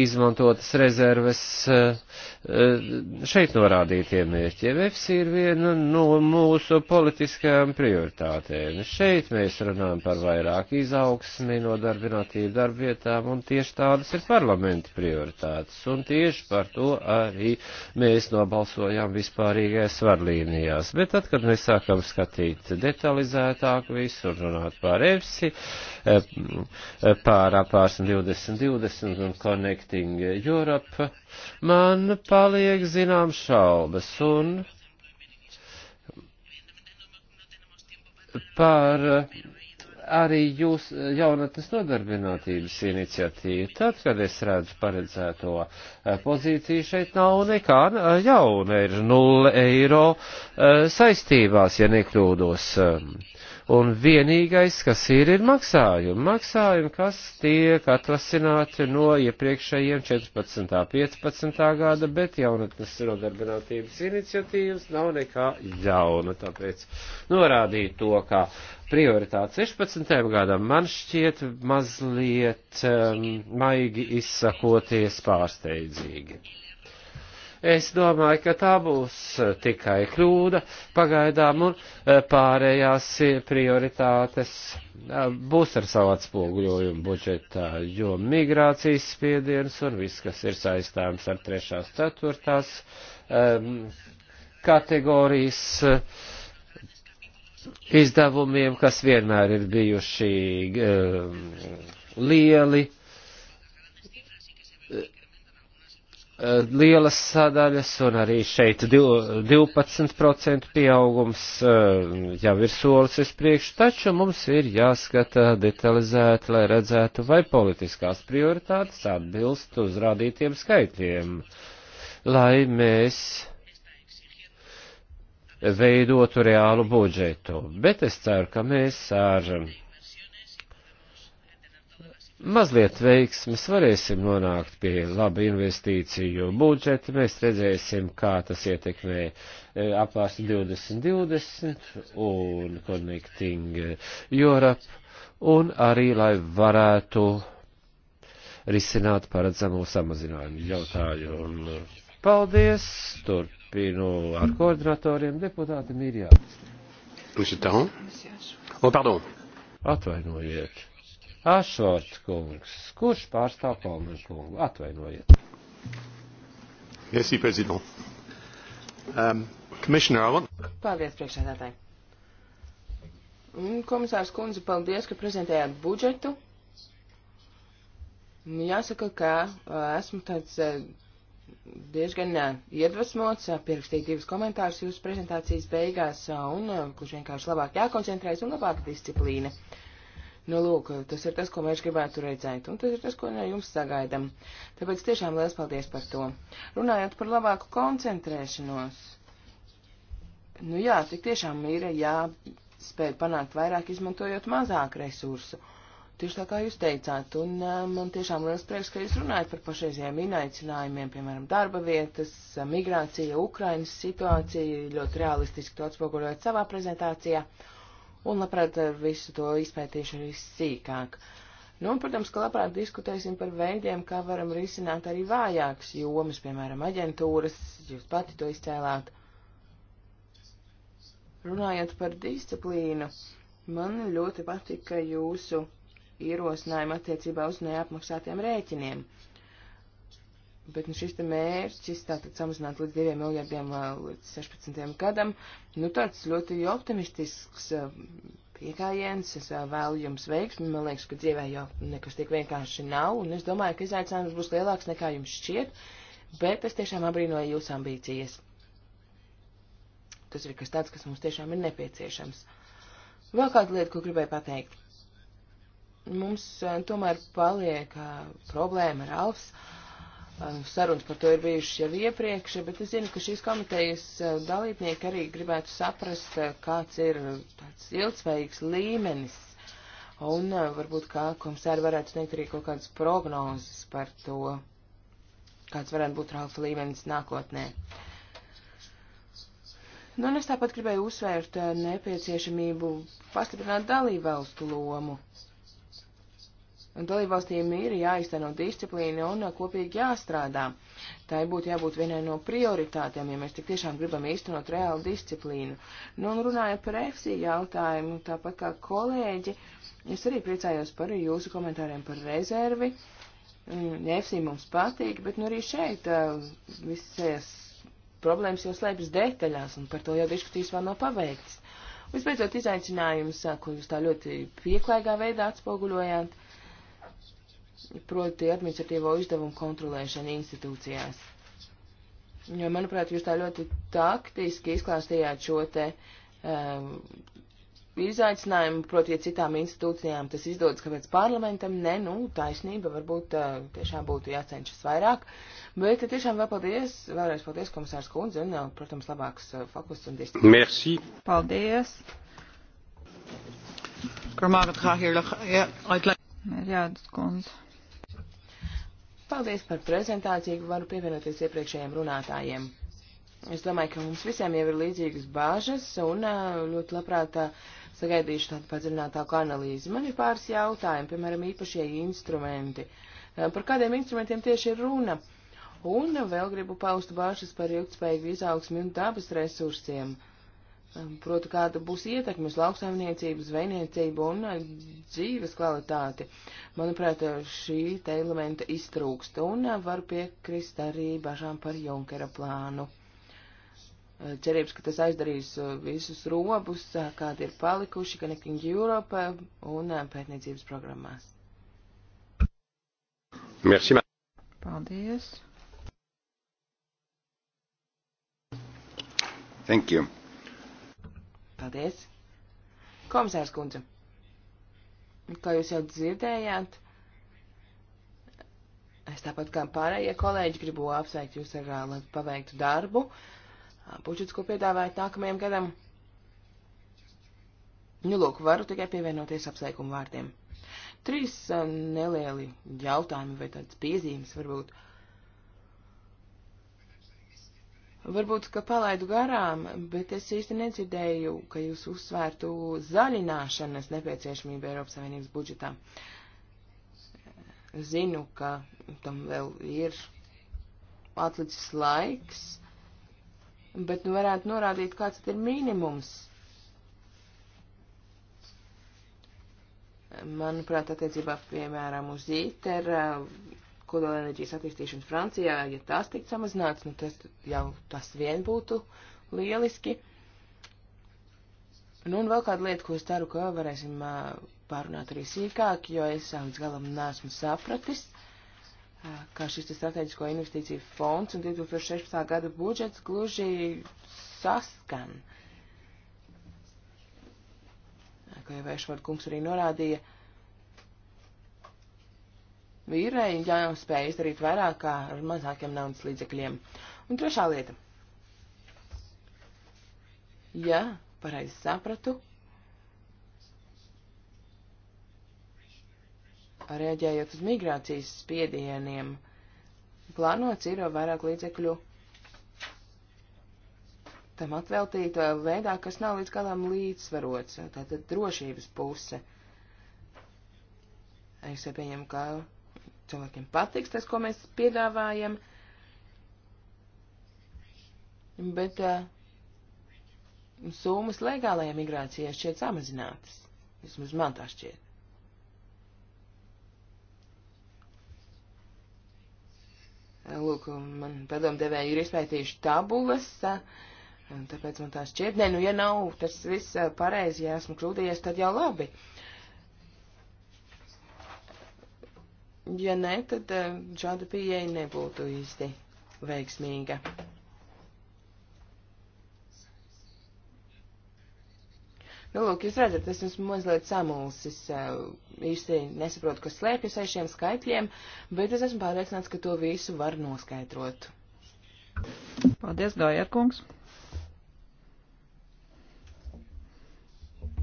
izmantotas rezerves eh, Eh, šeit norādītiem mērķiem. EFSI ir viena no mūsu politiskajām prioritātēm. Šeit mēs runājam par vairāk izaugsmi, nodarbinātību darbvietām, un tieši tādas ir parlamenta prioritātes. Un tieši par to arī mēs nobalsojām vispārīgajās svarlīnijās. Bet tad, kad mēs sākam skatīt detalizētāk visu un runāt par EFSI, pār apārsni 2020 un Connecting Europe, Man paliek zinām šaubas un par arī jūs jaunatnes nodarbinātības iniciatīvu. Tad, kad es redzu paredzēto eh, pozīciju, šeit nav nekā eh, jauna, ir nulle eiro eh, saistībās, ja nekļūdos. Un vienīgais, kas ir, ir maksājumi. Maksājumi, kas tiek atvasināti no iepriekšējiem 14. 15. gada, bet jaunatnes nodarbinātības iniciatīvas nav nekā jauna. Tāpēc norādīt to, kā prioritāte 16. gadam man šķiet mazliet um, maigi izsakoties pārsteidzīgi. Es domāju, ka tā būs tikai kļūda pagaidām un e, pārējās prioritātes e, būs ar savu atspoguļojumu budžetā, jo migrācijas spiediens un viss, kas ir saistāms ar trešās, ceturtās um, kategorijas izdevumiem, kas vienmēr ir bijuši um, lieli, Eh, lielas sadaļas, un arī šeit 12% pieaugums eh, jau ir solis uz priekšu, taču mums ir jāskata detalizēti, lai redzētu, vai politiskās prioritātes atbilst uzrādītiem skaitļiem, lai mēs veidotu reālu budžetu. Bet es ceru, ka mēs ar. Sāržam mazliet veiksmes varēsim nonākt pie laba investīciju budžeta. Mēs redzēsim, kā tas ietekmē e, apvārstu 2020 un Connecting Europe, un arī, lai varētu risināt paredzamo samazinājumu jautājumu. Paldies! Turpinu ar koordinatoriem deputāti Mirjā. Monsieur Taron? Oh, pardon. Atvainojiet. Ašvorts kungs, kurš pārstāv Kalnu kungu? Atvainojiet. Merci, prezident. Um, want... Paldies, priekšsēdētāji. Mm, komisārs kundze, paldies, ka prezentējāt budžetu. Nu, jāsaka, ka uh, esmu tāds uh, diezgan uh, iedvesmots, pierakstīju divus komentārus jūsu prezentācijas beigās, un kurš vienkārši labāk jākoncentrējas un labāka disciplīna. Uh, Nu, lūk, tas ir tas, ko mēs gribētu redzēt, un tas ir tas, ko no jums sagaidam. Tāpēc tiešām liels paldies par to. Runājot par labāku koncentrēšanos, nu jā, tik tiešām ir jāspēj panākt vairāk, izmantojot mazāk resursu. Tieši tā kā jūs teicāt, un uh, man tiešām liels prieks, ka jūs runājat par pašreizējiem inaicinājumiem, piemēram, darba vietas, migrācija, Ukrainas situācija, ļoti realistiski to atspoguļojat savā prezentācijā. Uh, un labprāt eh, visu to izpētīšu arī sīkāk. Nu, un, protams, ka labprāt diskutēsim par veidiem, kā varam risināt arī vājākas jomas, piemēram, aģentūras, jūs pati to izcēlāt. Runājot par disciplīnu, man ļoti patika jūsu ierosinājumi attiecībā uz neapmaksātiem rēķiniem. Uh, Bet nu, šis te mērķis, tātad samazināt līdz 2 miljardiem līdz 16. gadam, nu tāds ļoti optimistisks piekājiens, es vēlu jums veiksmi, man liekas, ka dzīvē jau nekas tik vienkārši nav, un es domāju, ka izaicinājums būs lielāks nekā jums šķiet, bet es tiešām abrīnoju jūsu ambīcijas. Tas ir kas tāds, kas mums tiešām ir nepieciešams. Vēl kāda lieta, ko gribēju pateikt. Mums tomēr paliek problēma ar Alfs. Uh, Sarunas par to ir bijušas jau iepriekš, bet es zinu, ka šīs komitejas dalībnieki arī gribētu saprast, kāds ir tāds ilgsveiks līmenis. Un varbūt kā komisāri varētu sniegt arī kaut kādas prognozes par to, kāds varētu būt rāfa līmenis nākotnē. Nu, un es tāpat gribēju uzsvērt nepieciešamību pastiprināt dalībvalstu lomu Dalībvalstīm ir jāizteno disciplīna un kopīgi jāstrādā. Tā būtu jābūt vienai no prioritātēm, ja mēs tik tiešām gribam īstenot reālu disciplīnu. Nu, un runājot par EFSI jautājumu, tāpat kā kolēģi, es arī priecājos par jūsu komentāriem par rezervi. EFSI mm, mums patīk, bet nu arī šeit uh, visies problēmas jau slēpjas detaļās, un par to jau diskusijas vēl nav paveiktas. Vispēcot izaicinājums, uh, ko jūs tā ļoti pieklājīgā veidā atspoguļojāt, uh, proti administratīvo izdevumu kontrolēšana institūcijās. Jo, manuprāt, jūs tā ļoti taktiski izklāstījāt šo te um, izaicinājumu, proti, ja citām institūcijām tas izdodas, kāpēc parlamentam, ne, nu, taisnība varbūt uh, tiešām būtu jācenšas vairāk, bet tiešām vēl paldies, vēlreiz paldies komisārs Kundze un, uh, protams, labāks uh, fokus un disciplīna. Merci. Paldies. Karmāgat Hāhirla, jā, atlēk. Mērjādas Kundze. Paldies par prezentāciju, varu pievienoties iepriekšējiem runātājiem. Es domāju, ka mums visiem jau ir līdzīgas bāžas un ļoti labprāt sagaidīšu tādu padziļinātāku analīzi. Man ir pāris jautājumi, piemēram, īpašie instrumenti. Par kādiem instrumentiem tieši ir runa? Un vēl gribu paust bāžas par ilgtspējīgu izaugsmi un dabas resursiem. Uh, proti kāda būs ietekme uz lauksaimniecību, zvejniecību un dzīves kvalitāti. Manuprāt, šī te elementa iztrūkst un var piekrist arī bažām par Junkera plānu. Cerības, ka tas aizdarīs eh, visus robus, eh, kādi ir palikuši Connecting Europe eh, un pētniecības programmās. Merci. Paldies. Thank you. Paldies! Komisārs kundze, kā jūs jau dzirdējāt, es tāpat kā pārējie kolēģi gribu apsveikt jūs ar uh, paveiktu darbu. Pučuts, ko piedāvājat nākamajam gadam? Nu, lūk, varu tikai pievienoties apsveikumu vārdiem. Trīs uh, nelieli jautājumi vai tādas piezīmes varbūt. Uh, Varbūt, ka palaidu garām, bet es īsti nedzirdēju, ka jūs uzsvērtu zaļināšanas nepieciešamību Eiropas Savienības budžetā. Zinu, ka tam vēl ir atlicis laiks, bet nu varētu norādīt, kāds ir minimums. Manuprāt, attiecībā, piemēram, uz ITER kodolenerģijas attīstīšanu Francijā, ja tās tiktu samazināts, nu tas jau tas vien būtu lieliski. Nu, un vēl kāda lieta, ko es ceru, ka varēsim pārunāt arī sīkāk, jo es līdz galam nesmu sapratis, ka šis strateģisko investīciju fonds un 2016. gada budžets gluži saskan. Kā jau Vēršvārds kungs arī norādīja, uh, ir jāspēj izdarīt vairāk ar mazākiem naudas līdzekļiem. Un trešā lieta. Ja pareizi sapratu, rēģējot uz migrācijas spiedieniem, plānots ir vairāk līdzekļu tam atveltīt veidā, kas nav līdz galam līdzsvarots, tātad drošības puse. Es pieņemu, ka cilvēkiem patiks tas, ko mēs piedāvājam, bet uh, summas legālajai migrācijai šķiet samazinātas. Vismaz man tā šķiet. Lūk, man padomdevēji ir izpētījuši tabulas, uh, tāpēc man tā šķiet. Nē, nu, ja nav tas viss uh, pareizi, ja esmu kļūdījies, tad jau labi. Uh, Ja nē, tad šāda eh, pieeja nebūtu īsti veiksmīga. Nu, lūk, jūs redzat, es esmu mazliet samulsis, eh, īsti nesaprotu, kas slēpjas aiz šiem skaitļiem, bet es esmu pārliecināts, ka to visu var noskaidrot. Paldies, Gājerkungs!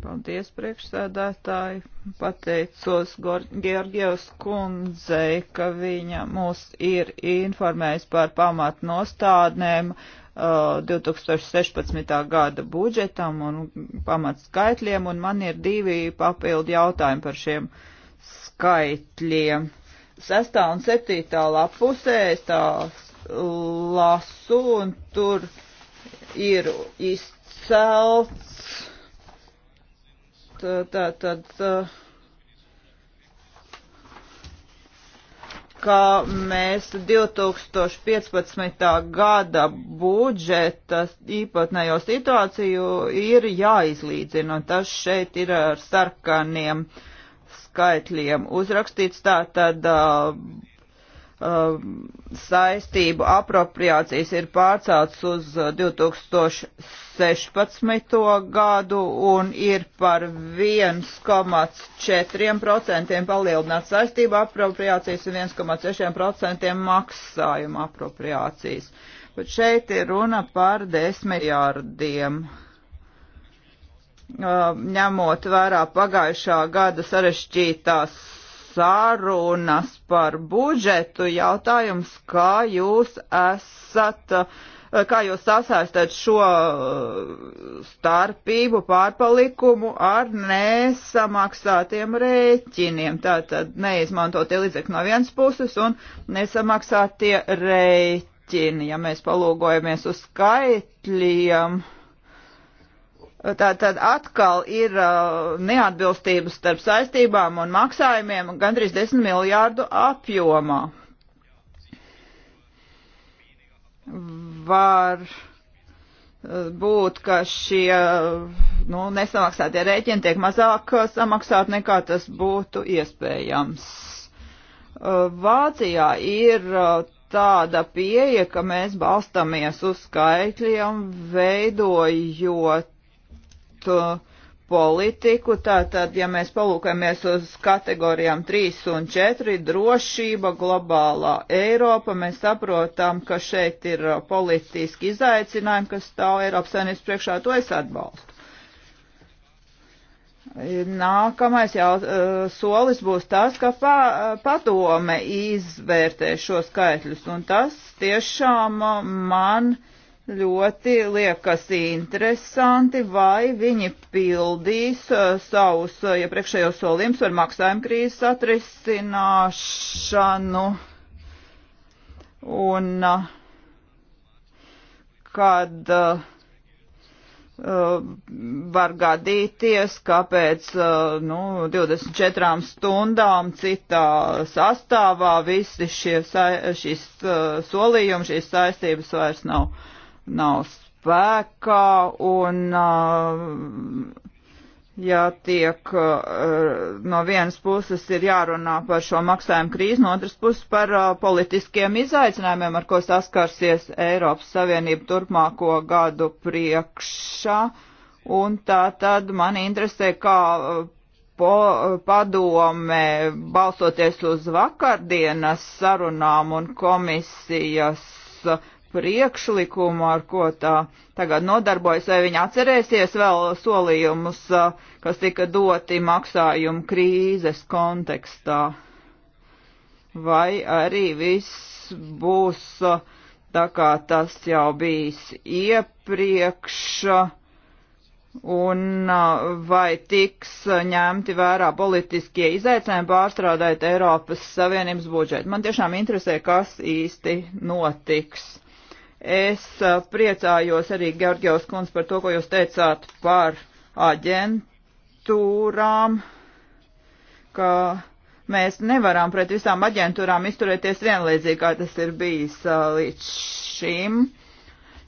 Paldies, priekšsēdētāji. Pateicos Georgievs kundzei, ka viņa mūs ir informējis par pamatnostādnēm uh, 2016. gada budžetam un pamatskaitļiem, un man ir divi papildu jautājumi par šiem skaitļiem. Sestā un septītā lapusē es tā lasu, un tur ir izcelts tā tad, ka mēs 2015. gada budžeta īpatnējo situāciju ir jāizlīdzina, un tas šeit ir ar sarkaniem skaitļiem uzrakstīts tā tad. Uh, Um, saistību apropriācijas ir pārcelts uz 2016. Uh, gadu un ir par 1,4% palielināts saistību apropriācijas un 1,6% maksājuma apropriācijas. Bet šeit ir runa par 10 miljārdiem uh, ņemot vērā pagājušā gada sarešķītās sarunas par budžetu, jautājums, kā jūs esat, kā jūs sasaistat šo starpību pārpalikumu ar nesamaksātiem rēķiniem. Tātad neizmantotie līdzekļi no vienas puses un nesamaksātie rēķini. Ja mēs palūgojamies uz skaitļiem. Um, Tātad atkal ir uh, neatbilstības starp saistībām un maksājumiem gandrīz 10 miljārdu apjomā. Var uh, būt, ka šie uh, nu, nesamaksātie rēķini tiek mazāk uh, samaksāt nekā tas būtu iespējams. Uh, Vācijā ir uh, tāda pieeja, ka mēs balstamies uz skaitļiem, veidojot Uh, politiku. Tātad, ja mēs palūkamies uz kategorijām 3 un 4, drošība, globālā Eiropa, mēs saprotam, ka šeit ir uh, politiski izaicinājumi, kas stāv Eiropas saimnības priekšā, to es atbalstu. Nākamais jau, uh, solis būs tas, ka pa, padome izvērtē šo skaitļus, un tas tiešām man uh, ļoti liekas interesanti, vai viņi pildīs uh, savus uh, iepriekšējos ja solījumus par maksājumu krīzes atrisināšanu. Un uh, kad uh, uh var gadīties, kāpēc uh, nu, 24 stundām citā sastāvā visi šie, šis solījumi, šīs saistības vairs nav nav spēkā un uh, ja tiek uh, no vienas puses ir jārunā par šo maksājumu krīzi, no otras puses par uh, politiskiem izaicinājumiem, ar ko saskarsies Eiropas Savienība turpmāko gadu priekšā. Un tā tad man interesē, kā po, padome, balsoties uz vakardienas sarunām un komisijas uh, priekšlikumu, ar ko tā tagad nodarbojas, vai viņa atcerēsies vēl solījumus, kas tika doti maksājumu krīzes kontekstā. Vai arī viss būs tā kā tas jau bijis iepriekš, un vai tiks ņemti vērā politiskie izaicinājumi pārstrādāt Eiropas Savienības budžetu. Man tiešām interesē, kas īsti notiks Es priecājos arī, Georgijos kundz, par to, ko jūs teicāt par aģentūrām, ka mēs nevaram pret visām aģentūrām izturēties vienlīdzīgi, kā tas ir bijis līdz šim,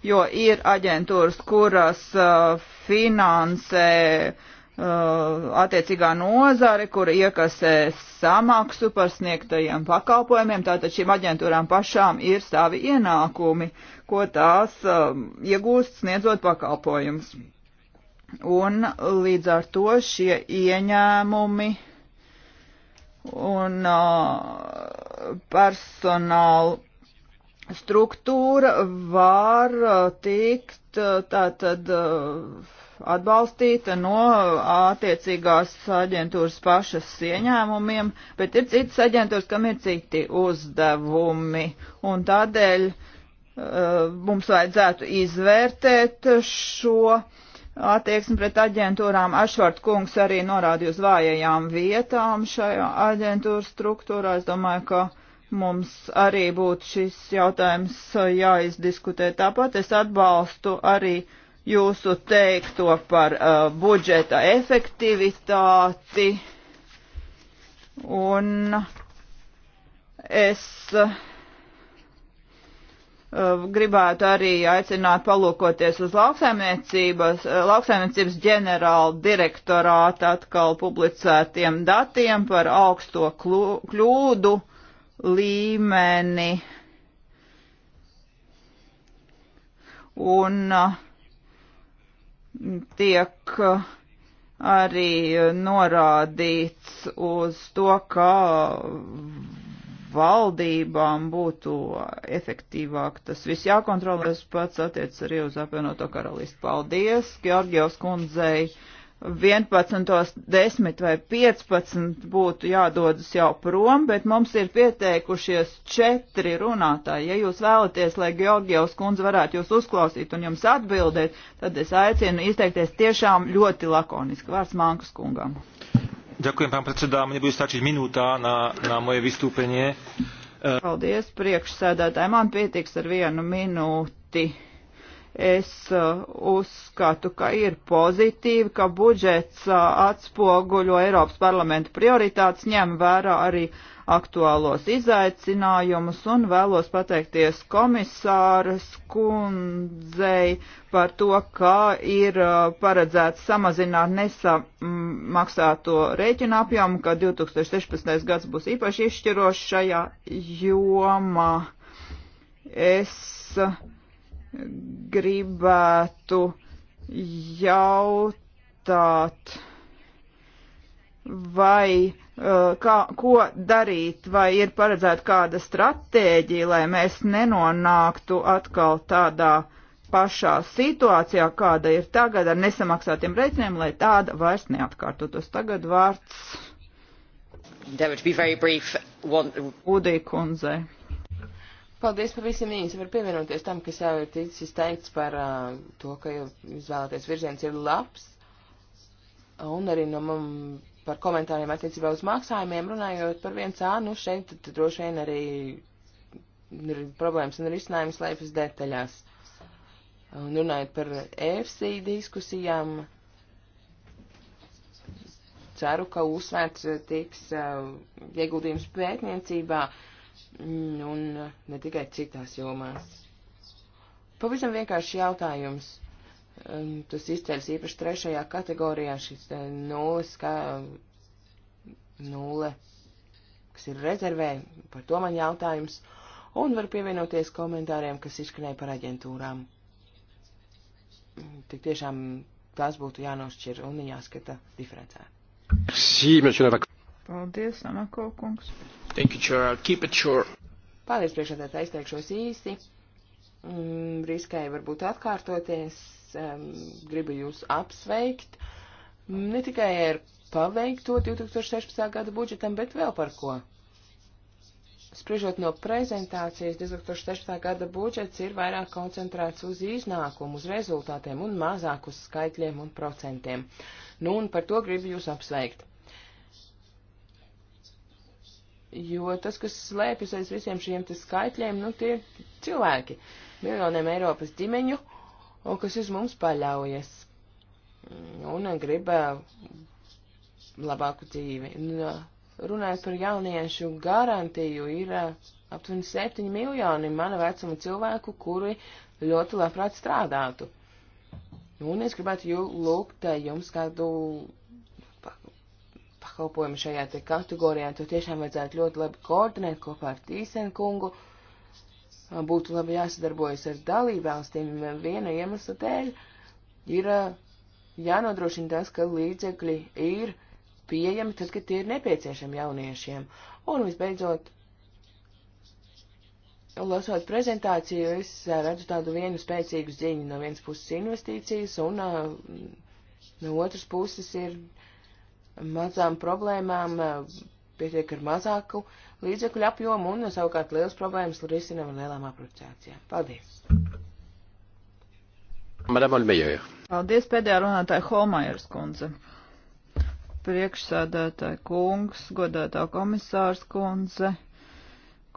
jo ir aģentūras, kuras finansē attiecīgā nozare, kur iekasē samaksu par sniegtajiem pakalpojumiem, tātad šīm aģentūrām pašām ir savi ienākumi. Uh, ko tās um, iegūst sniedzot pakalpojumus. Un līdz ar to šie ieņēmumi un uh, personāla struktūra var uh, tikt uh, tātad uh, atbalstīta no attiecīgās aģentūras pašas ieņēmumiem, bet ir citas aģentūras, kam ir citi uzdevumi, un tādēļ uh, Eh, mums vajadzētu izvērtēt šo attieksmi pret aģentūrām. Ašvart kungs arī norādīja uz vājajām vietām šajā aģentūras struktūrā. Es domāju, ka mums arī būtu šis jautājums jāizdiskutē. Tāpat es atbalstu arī jūsu teikto par uh, budžeta efektivitāti. Un es uh, Uh, gribētu arī aicināt palūkoties uz lauksaimniecības, uh, lauksaimniecības ģenerāla direktorāta atkal publicētiem datiem par augsto kļūdu līmeni. Un uh, tiek arī norādīts uz to, ka valdībām būtu efektīvāk. Tas viss jākontrolē, tas pats attiec arī uz apvienoto karalistu. Paldies, Georgijos kundzei. 11.10 vai 15 būtu jādodas jau prom, bet mums ir pieteikušies četri runātāji. Ja jūs vēlaties, lai Georgijos kundze varētu jūs uzklausīt un jums atbildēt, tad es aicinu izteikties tiešām ļoti lakoniski. Vārds Mankas kungam. Ďakujem, pán predsedā. Mne bude stačiť minūtā na, na moje vystúpenie. E, Paldies priekšsēdētāji. Man pietiks ar vienu minūti. Es e, uzskatu, ka ir pozitīvi, ka budžets e, atspoguļo Eiropas parlamenta prioritātes, ņem vērā arī uh, aktuālos izaicinājumus un vēlos pateikties komisāras kundzei par to, kā ir uh, paredzēts samazināt nesamaksāto rēķinu apjomu, ka 2016. gads būs īpaši izšķirošs šajā jomā. Es gribētu jautāt vai uh, kā, ko darīt, vai ir paredzēta kāda stratēģija, lai mēs nenonāktu atkal tādā pašā situācijā, kāda ir tagad ar nesamaksātiem reiķiniem, lai tāda vairs neatkārtotos. Tagad vārds. Udī kundze. Paldies par visiem īsi. Var pievienoties tam, kas jau ir ticis teikts par uh, to, ka izvēlēties virziens ir labs. Un arī no mums par komentāriem attiecībā uz maksājumiem runājot par 1A, nu šeit tad droši vien arī ir problēmas un risinājums leipas detaļās. Un runājot par EFC diskusijām, ceru, ka uzsvērts tiks uh, ieguldījums pētniecībā mm, un ne tikai citās jomās. Pavisam vienkārši jautājums. Um, tas izceļas īpaši trešajā kategorijā, šis uh, nulles, kā nulle, kas ir rezervē, par to man jautājums, un var pievienoties komentāriem, kas izskanēja par aģentūrām. Tik tiešām tās būtu jānošķir un jāskata diferencē. Paldies, Anako kungs. Thank you, Chair. I'll keep it short. Paldies, priekšādētā, izteikšos īsi. Mm, riskēju varbūt atkārtoties um, gribu jūs apsveikt ne tikai ar paveikto 2016. gada budžetam, bet vēl par ko. Spriežot no prezentācijas, 2016. gada budžets ir vairāk koncentrēts uz iznākumu, uz rezultātiem un mazāk uz skaitļiem un procentiem. Nu, un par to gribu jūs apsveikt. Jo tas, kas slēpjas aiz visiem šiem skaitļiem, nu, tie cilvēki. Miljoniem Eiropas ģimeņu un kas uz mums paļaujas un grib labāku dzīvi. Uh, runājot par jauniešu garantiju, ir uh, aptuveni 7 miljoni mana vecuma cilvēku, kuri ļoti labprāt strādātu. Un es gribētu jū, lūgt uh, jums kādu pakalpojumu šajā te kategorijā, to tiešām vajadzētu ļoti labi koordinēt kopā ar Tīsen kungu. Uh, būtu labi jāsadarbojas ar dalībvalstīm viena iemesla dēļ, ir jānodrošina tas, ka līdzekļi ir pieejami tad, kad tie ir nepieciešami jauniešiem. Un visbeidzot, lasot prezentāciju, es redzu tādu vienu spēcīgu ziņu. No vienas puses investīcijas, un no otras puses ir mazām problēmām, pietiek ar mazāku uh, līdzekļu apjomu un savukārt liels problēmas risinām ar lielām apgrūtībām. Paldies! Madame Olmejer. Paldies pēdējā runātāja Holmajers kundze. Priekšsēdētāja kungs, godētā komisārs kundze,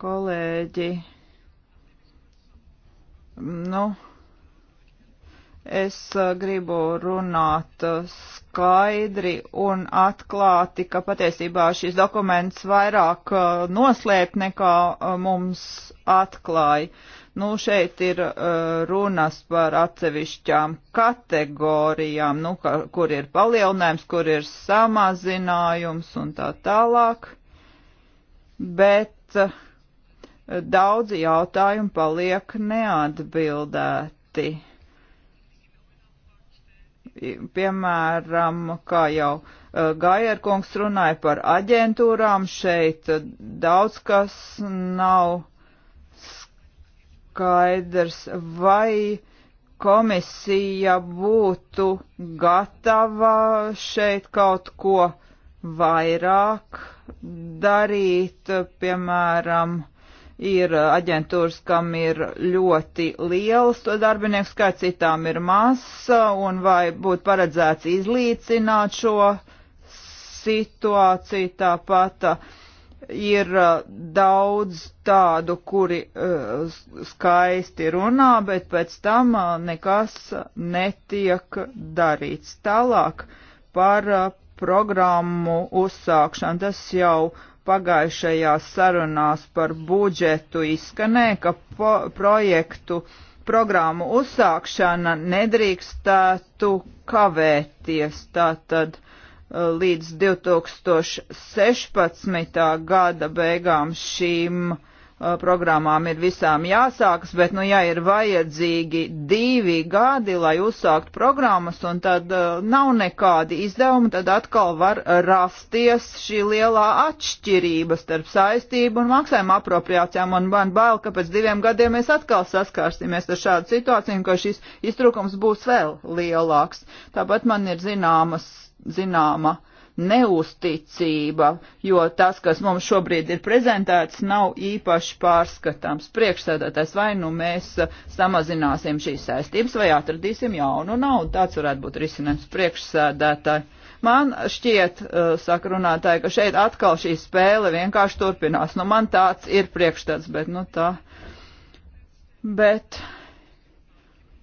kolēģi. Nu, Es uh, gribu runāt uh, skaidri un atklāti, ka patiesībā šis dokuments vairāk uh, noslēp nekā mums atklāja. Nu, šeit ir runas par atsevišķām kategorijām, nu, ka, kur ir palielinājums, kur ir samazinājums un tā tālāk. Bet daudzi jautājumi paliek neatbildēti Piemēram, kā jau eh, Gajerkungs runāja par aģentūrām, šeit eh, daudz kas nav skaidrs, vai komisija būtu gatava šeit kaut ko vairāk darīt, piemēram, ir uh, aģentūras, kam ir ļoti liels to darbinieku skaits, citām ir masa, uh, un vai būtu paredzēts izlīdzināt šo situāciju tāpat. Uh, ir daudz tādu, kuri skaisti runā, bet pēc tam nekas netiek darīts. Tālāk par programmu uzsākšanu. Tas jau uh, pagājušajās sarunās par budžetu izskanēja, ka po, projektu programmu uzsākšana nedrīkstētu kavēties. Tātad uh, līdz 2016. gada beigām šīm Uh, programmām ir visām jāsākas, bet, nu, ja ir vajadzīgi divi gadi, lai uzsākt programmas, un tad uh, nav nekādi izdevumi, tad atkal var rasties šī lielā atšķirība starp saistību un maksājuma apropriācijām, un man bail, ka pēc diviem gadiem mēs atkal saskārsimies ar šādu situāciju, ka šis iztrūkums būs vēl lielāks. Tāpat man ir zināmas, zināma. Uh, neusticība, jo tas, kas mums šobrīd ir prezentēts, nav īpaši pārskatāms. Priekšsēdētājs vai nu mēs samazināsim šīs saistības vai atradīsim jaunu naudu. Tāds varētu būt risinājums priekšsēdētāji. Man šķiet, eh, saka runātāji, ka šeit atkal šī spēle vienkārši turpinās. Nu, man tāds ir priekšstats, bet, nu, tā. Bet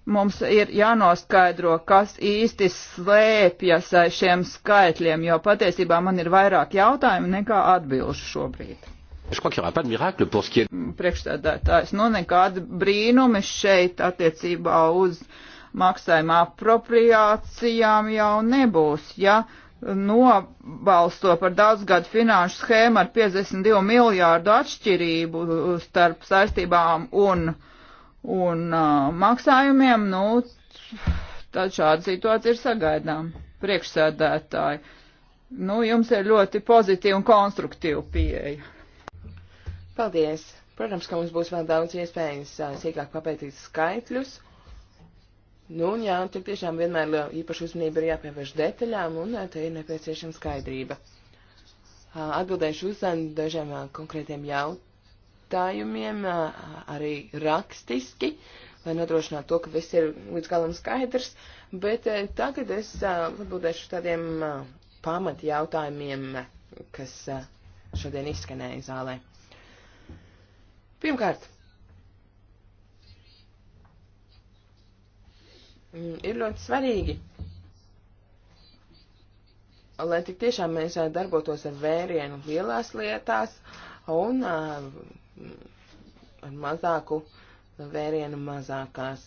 mums ir jānoskaidro, kas īsti slēpjas aiz šiem skaitļiem, jo patiesībā man ir vairāk jautājumu nekā atbilžu šobrīd. Mm, Priekšstādātājs, nu nekāda brīnumi šeit attiecībā uz maksājuma apropriācijām jau nebūs, ja nobalsto par daudzgadu finanšu schēmu ar 52 miljārdu atšķirību uh, starp saistībām un uh, un uh, maksājumiem, nu, tad šāda situācija ir sagaidām. Priekšsēdētāji, nu, jums ir ļoti pozitīva un konstruktīva pieeja. Paldies! Protams, ka mums būs vēl daudz iespējas uh, sīkāk papētīt skaitļus. Nu, un jā, tur tiešām vienmēr īpaši uzmanība ir jāpievērš detaļām, un uh, te ir nepieciešama skaidrība. Uh, atbildēšu uz dažiem konkrētiem jautājumiem jautājumiem arī rakstiski, lai nodrošinātu to, ka viss ir līdz galam skaidrs, bet tagad es atbildēšu tādiem pamat jautājumiem, kas šodien izskanēja zālē. Pirmkārt, ir ļoti svarīgi, lai tik tiešām mēs darbotos ar vērienu lielās lietās un ar mazāku vērienu mazākās,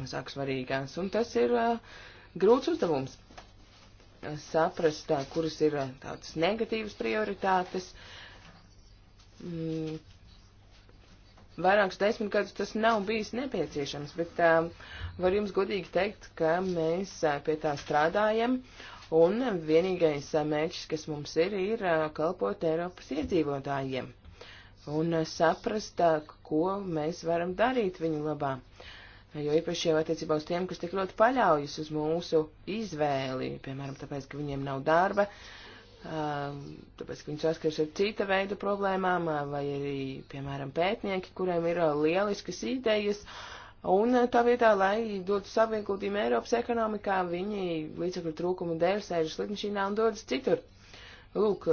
mazāk svarīgās. Un tas ir uh, grūts uzdevums saprast, tā, uh, kuras ir uh, tādas negatīvas prioritātes. Mm, vairākus desmit gadus tas nav bijis nepieciešams, bet uh, var jums godīgi teikt, ka mēs uh, pie tā strādājam Un vienīgais mērķis, kas mums ir, ir kalpot Eiropas iedzīvotājiem un saprast, ko mēs varam darīt viņu labā. Jo īpaši jau attiecībā uz tiem, kas tik ļoti paļaujas uz mūsu izvēli, piemēram, tāpēc, ka viņiem nav darba, tāpēc, ka viņi saskars ar cita veida problēmām, vai arī, piemēram, pētnieki, kuriem ir lieliskas idejas, Un eh, tā vietā, lai dotu savu ieguldījumu Eiropas ekonomikā, viņi līdzekļu trūkumu dēļ sēž slimnīcā un dodas citur. Lūk,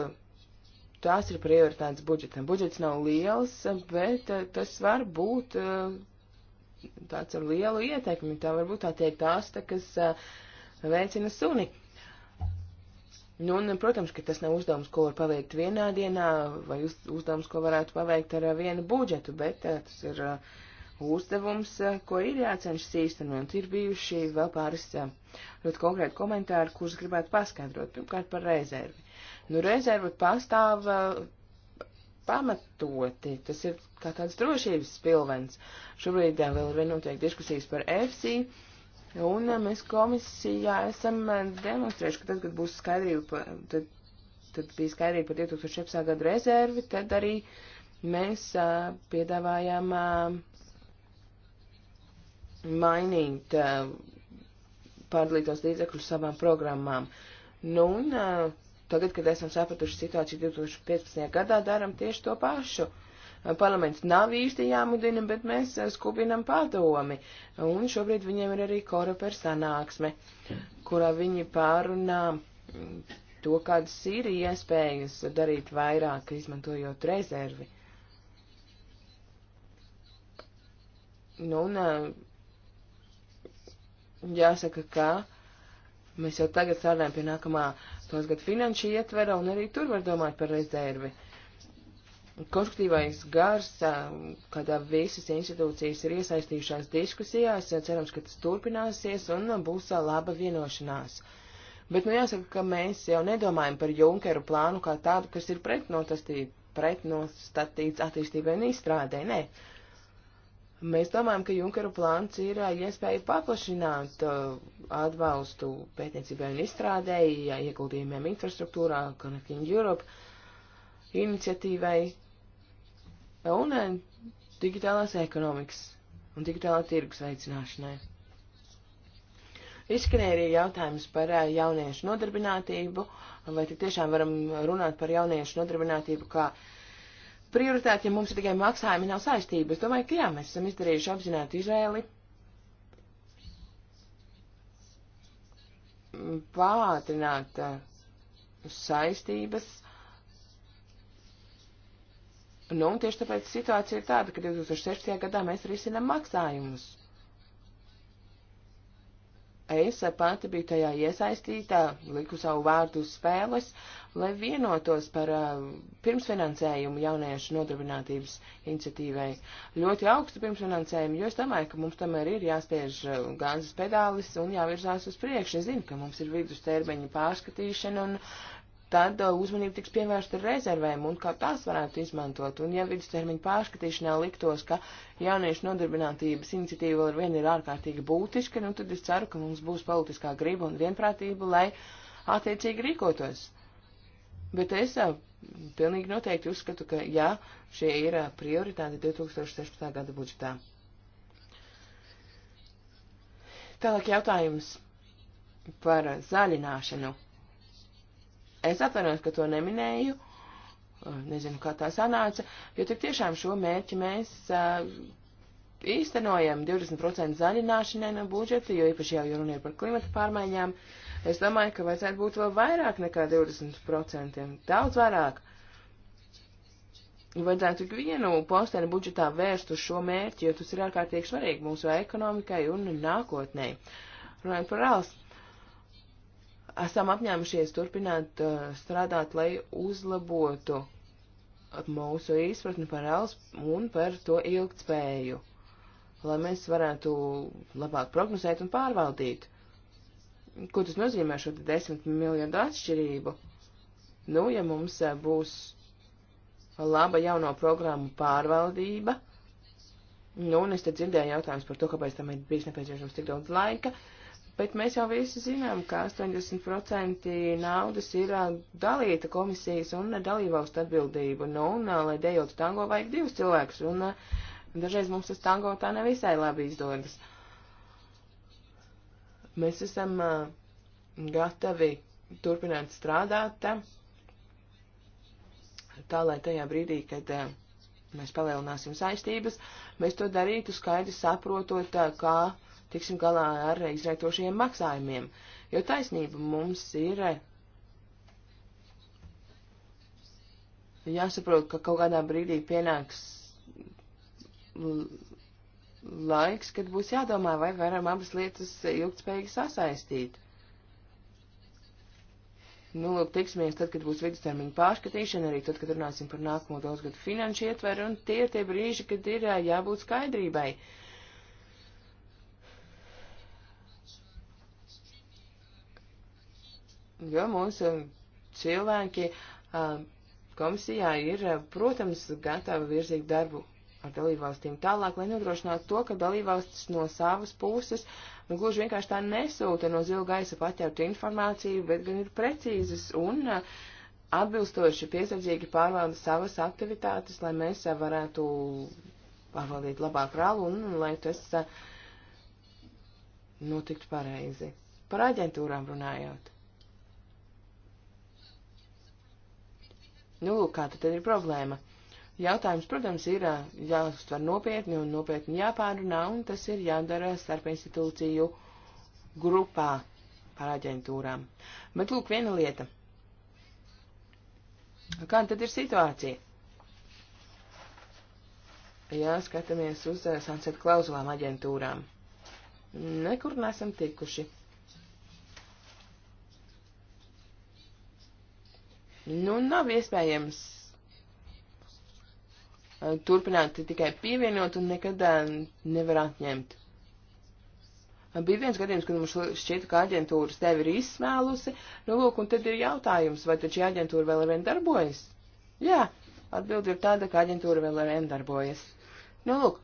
tās ir prioritātes budžetam. Budžets nav liels, bet eh, tas var būt eh, tāds ar lielu ietekmi. Tā varbūt tā tiek tāsta, kas veicina suni. Nu, un, protams, ka tas nav uzdevums, ko var paveikt vienā dienā, vai uz, uzdevums, ko varētu paveikt ar vienu budžetu, bet tas ir uh, uzdevums, eh, ko ir jācenšas īstenot. Ir bijuši vēl pāris eh, ļoti konkrēti komentāri, kurus gribētu paskaidrot. Pirmkārt par rezervi. Nu, rezerve pastāv eh, pamatoti, tas ir kā tāds drošības pilvens. Šobrīd vēl ir vienotiek diskusijas par EFSI, un mēs komisijā esam demonstrējuši, ka tad, kad būs skaidrība, tad, tad bija skaidrība par 2017. gadu rezervi, tad arī mēs piedāvājām mainīt pārdalītos līdzekļus savām programmām. Nu, un tagad, kad esam sapratuši situāciju 2015. gadā, daram tieši to pašu. Parlaments nav īsti jāmudina, bet mēs skubinam padomi. Un šobrīd viņiem ir arī koroper sanāksme, kurā viņi pārunā to, kādas ir iespējas darīt vairāk, izmantojot rezervi. Nu, un jāsaka, ka mēs jau tagad strādājam pie nākamā tos gadu finanšu ietvera, un arī tur var domāt par rezervi. Konstruktīvais gars, kādā visas institūcijas ir iesaistījušās diskusijās, cerams, ka tas turpināsies un būs laba vienošanās. Bet, nu, jāsaka, ka mēs jau nedomājam par Junkeru plānu kā tādu, kas ir pretnostatīts attīstībai un izstrādē. Nē, Mēs domājam, ka Junkera plāns ir iespēja paplašināt atbalstu pētniecībai un izstrādēji, ieguldījumiem infrastruktūrā, Connecting Europe iniciatīvai un digitālās ekonomikas un digitālā tirgus veicināšanai. Izskanēja arī jautājums par jauniešu nodarbinātību, vai tik tiešām varam runāt par jauniešu nodarbinātību kā uh, prioritāti, ja mums ir tikai maksājumi, nav saistības. Domāju, ka jā, mēs esam izdarījuši apzinātu izvēli. Pātrināt uh, saistības. Nu, un tieši tāpēc situācija ir tāda, ka 2016. gadā mēs risinam maksājumus. Es pati biju tajā iesaistītā, liku savu vārdu uz spēles. Uh, lai vienotos par uh, pirmsfinansējumu jauniešu nodarbinātības iniciatīvai. Ļoti augstu pirmsfinansējumu, jo es domāju, ka mums tomēr ir jāspiež uh, gāzes pedālis un jāvirzās uz priekšu. Es zinu, ka mums ir vidustermiņa pārskatīšana un tad uh, uzmanība tiks pievērsta rezervēm un kā tās varētu izmantot. Un ja vidustermiņa pārskatīšanā liktos, ka jauniešu nodarbinātības iniciatīva vēl ar vienu ir ārkārtīgi būtiska, nu tad es ceru, ka mums būs politiskā griba un vienprātība, lai attiecīgi rīkotos. Bet es pilnīgi noteikti uzskatu, ka jā, šie ir prioritāti 2016. gada budžetā. Tālāk jautājums par zaļināšanu. Es atvainojos, ka to neminēju, nezinu, kā tā sanāca, jo tik tiešām šo mērķi mēs īstenojam 20% zaļināšanai no budžeta, jo īpaši jau runa ir par klimata pārmaiņām. Es domāju, ka vajadzētu būt vēl vairāk nekā 20%, daudz vairāk. Vajadzētu vienu posteni budžetā vērst uz šo mērķi, jo tas ir ārkārtīgi svarīgi mūsu ekonomikai un nākotnē. Runājot par rāls, esam apņēmušies turpināt uh, strādāt, lai uzlabotu mūsu izpratni par rāls un par to ilgtspēju lai mēs varētu labāk prognozēt un pārvaldīt. Ko tas nozīmē šo 10 miljardu atšķirību? Nu, ja mums eh, būs laba jauno programmu pārvaldība, nu, un es te dzirdēju jautājums par to, kāpēc tam ir bijis nepieciešams tik daudz laika, bet mēs jau visi zinām, ka 80% naudas ir eh, dalīta komisijas un dalībvalstu atbildība, nu, un, eh, lai dejot tango, vajag divus cilvēkus, un Dažreiz mums tas tango tā nevisai labi izdodas. Mēs esam uh, gatavi turpināt strādāt tā, lai tajā brīdī, kad uh, mēs palielināsim saistības, mēs to darītu skaidri saprotot, uh, kā tiksim galā ar izraitošajiem maksājumiem. Jo taisnība mums ir jāsaprot, ka kaut kādā brīdī pienāks laiks, kad būs jādomā, vai varam abas lietas ilgtspējīgi sasaistīt. Nu, lūk, tiksimies tad, kad būs vidustermiņa pārskatīšana, arī tad, kad runāsim par nākamo daudzgadu finanšu ietveru, un tie ir tie brīži, kad ir jābūt skaidrībai. Jo mūsu cilvēki komisijā ir, protams, gatavi virzīt darbu ar dalībvalstīm tālāk, lai nodrošinātu to, ka dalībvalstis no savas puses nu, gluži vienkārši tā nesūta no zila gaisa paķertu informāciju, bet gan ir precīzas un uh, atbilstoši piesardzīgi pārvalda savas aktivitātes, lai mēs uh, varētu pārvaldīt labāk ralu un lai tas uh, notiktu pareizi. Par aģentūrām runājot. Nu, lūk, kā tad ir problēma. Jautājums, protams, ir jāuztver nopietni un nopietni jāpārunā, un tas ir jādara starp institūciju grupā par aģentūrām. Bet lūk, viena lieta. Kāda tad ir situācija? Jā, skatāmies uz uh, sunset klauzulām aģentūrām. Nekur nesam tikuši. Nu, nav iespējams Eh, turpināt tikai pievienot un nekad eh, nevar atņemt. Eh, bija viens gadījums, kad mums šķita, ka aģentūra tevi ir izsmēlusi, nu lūk, un tad ir jautājums, vai taču aģentūra vēl ar vien darbojas? Jā, atbildi ir tāda, ka aģentūra vēl ar vien darbojas. Nu lūk,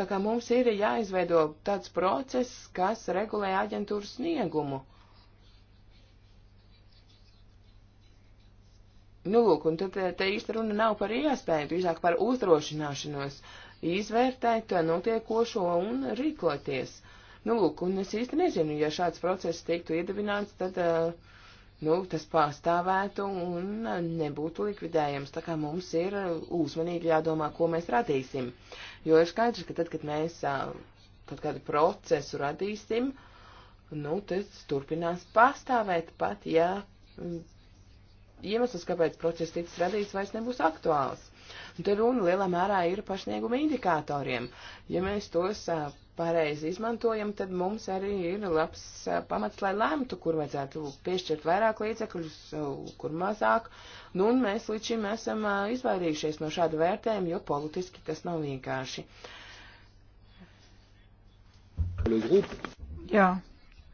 tā kā mums ir jāizveido tāds process, kas regulē aģentūras sniegumu. Nu, lūk, un tad eh, te īsta runa nav par iespēju, drīzāk par uzdrošināšanos izvērtēt eh, notiekošo un rīkoties. Nu, lūk, un es īsti nezinu, ja šāds process tiktu iedibināts, tad, eh, nu, tas pārstāvētu un nebūtu likvidējams. Tā kā mums ir uzmanīgi jādomā, ko mēs radīsim. Jo ir skaidrs, ka tad, kad mēs kaut kādu procesu radīsim, nu, tas turpinās pastāvēt pat, ja iemesls, kāpēc process tiks radīts, vairs nebūs aktuāls. Un te runa lielā mērā ir pašnieguma indikatoriem. Ja mēs tos pareizi izmantojam, tad mums arī ir labs pamats, lai lemtu, kur vajadzētu piešķirt vairāk līdzekļus, kur mazāk. Nu, un mēs līdz šim esam izvairījušies no šāda vērtējuma, jo politiski tas nav vienkārši. Jā,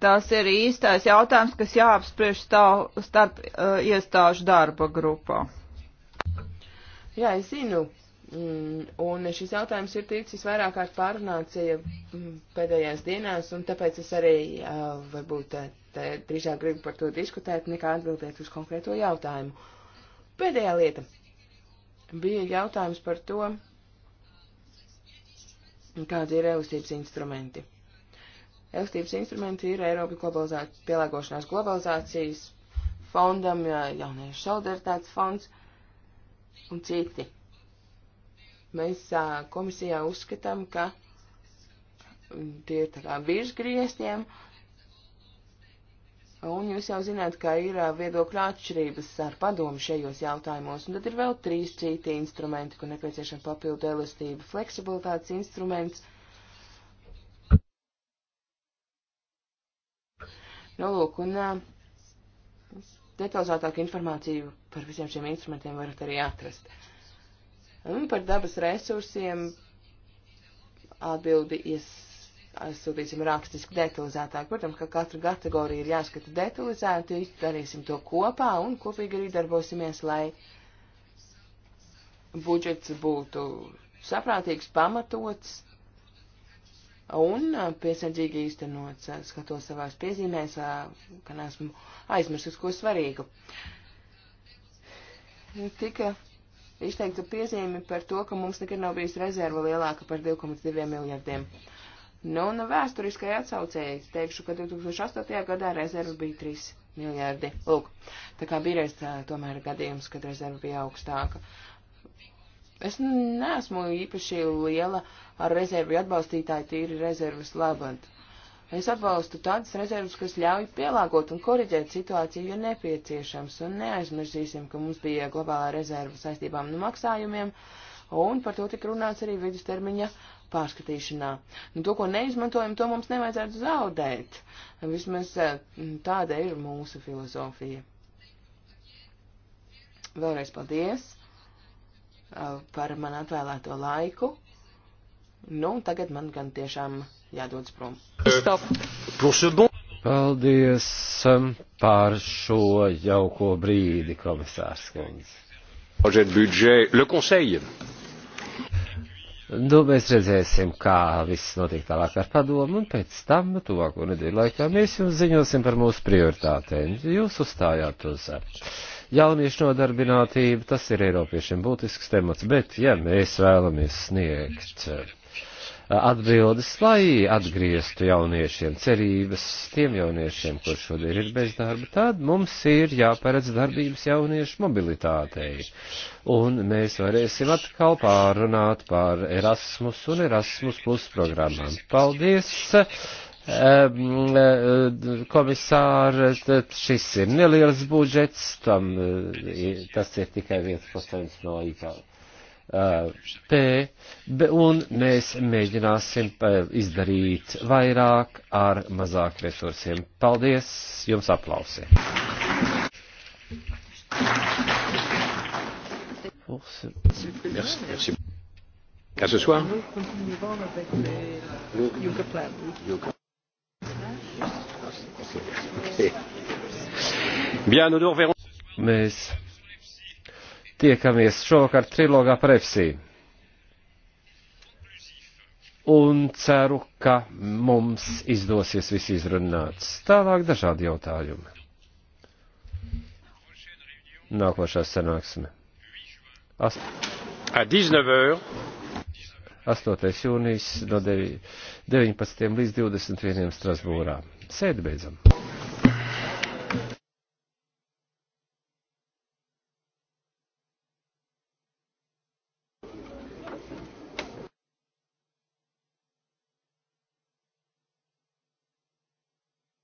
Tas ir īstais jautājums, kas jāapspriež stāv, starp uh, iestāžu darba grupā. Jā, es zinu. Mm, un šis jautājums ir ticis vairāk kārt pārunāts mm, pēdējās dienās, un tāpēc es arī uh, varbūt uh, te drīzāk gribu par to diskutēt, nekā atbildēt uz konkrēto jautājumu. Pēdējā lieta bija jautājums par to, kādi ir elastības instrumenti. Elastības instrumenti ir Eiropas globalizā... pielāgošanās globalizācijas fondam, jauniešu solidaritātes fonds un citi. Mēs komisijā uzskatām, ka mm, tie ir tā kā virsgrieztiem, un jūs jau zināt, ka ir viedokļa atšķirības ar padomu šajos jautājumos, un tad ir vēl trīs citi instrumenti, kur nepieciešama papildu elastība, fleksibilitātes instruments, uh, Nu, lūk, un detalizētāku informāciju par visiem šiem instrumentiem varat arī atrast. Un par dabas resursiem atbildi aizsūtīsim rakstiski detalizētāk. Protams, ka katra kategorija ir jāskata detalizēti, darīsim to kopā un kopīgi arī darbosimies, lai budžets būtu saprātīgs, pamatots un piesardzīgi īstenots. Skatos savās piezīmēs, ka neesmu aizmirsis ko svarīgu. Tika izteikta piezīme par to, ka mums nekad nav bijis rezerva lielāka par 2,2 miljardiem. Nu, un nu, vēsturiskai atsaucēji teikšu, ka 2008. gadā rezerva bija 3 miljardi. Lūk, tā kā bija reiz tomēr gadījums, kad rezerva bija augstāka. Uh, Es neesmu īpaši liela ar rezervi atbalstītāji tīri rezervas labad. Es atbalstu tādas rezervas, kas ļauj pielāgot un koriģēt situāciju, ja nepieciešams, un neaizmirsīsim, ka mums bija globālā rezerva saistībām no maksājumiem, un par to tika runāts arī vidustermiņa pārskatīšanā. Nu, to, ko neizmantojam, to mums nevajadzētu zaudēt. Vismaz eh, tāda ir mūsu filozofija. Vēlreiz paldies! par man atvēlēto laiku. Nu, tagad man gan tiešām jādodas prom. Stop. Paldies um, par šo jauko brīdi, komisārs Kundze. Projet budžet, le conseil. Nu, mēs redzēsim, kā viss notiek tālāk ar padomu, un pēc tam, nu, tuvāko nedēļu laikā, mēs jums ziņosim par mūsu prioritātēm. Jūs uzstājāt uz. Uh, jauniešu nodarbinātība, tas ir Eiropiešiem būtisks temats, bet ja mēs vēlamies sniegt uh, atbildes, lai atgrieztu jauniešiem cerības, tiem jauniešiem, kur šodien ir bez darba, tad mums ir jāparedz darbības jauniešu mobilitātei. Un mēs varēsim atkal pārunāt par Erasmus un Erasmus plus programmām. Paldies! komisāra, šis ir neliels budžets, tam, eh, tas ir tikai 1% no IKP. Eh, P, un mēs mēģināsim eh, izdarīt vairāk ar mazāk resursiem. Paldies, jums aplausi. Merci, merci. À ce soir. Yoga plan. Yoga. Okay. Bien, nous nous reverrons. Mēs tiekamies šovakar trilogā par FC. Un ceru, ka mums izdosies viss izrunāts. Tālāk dažādi jautājumi. Nākošā sanāksme. Ast... 19. 8. jūnijas no 19. līdz 21. Strasbūrā. Sēdi beidzam.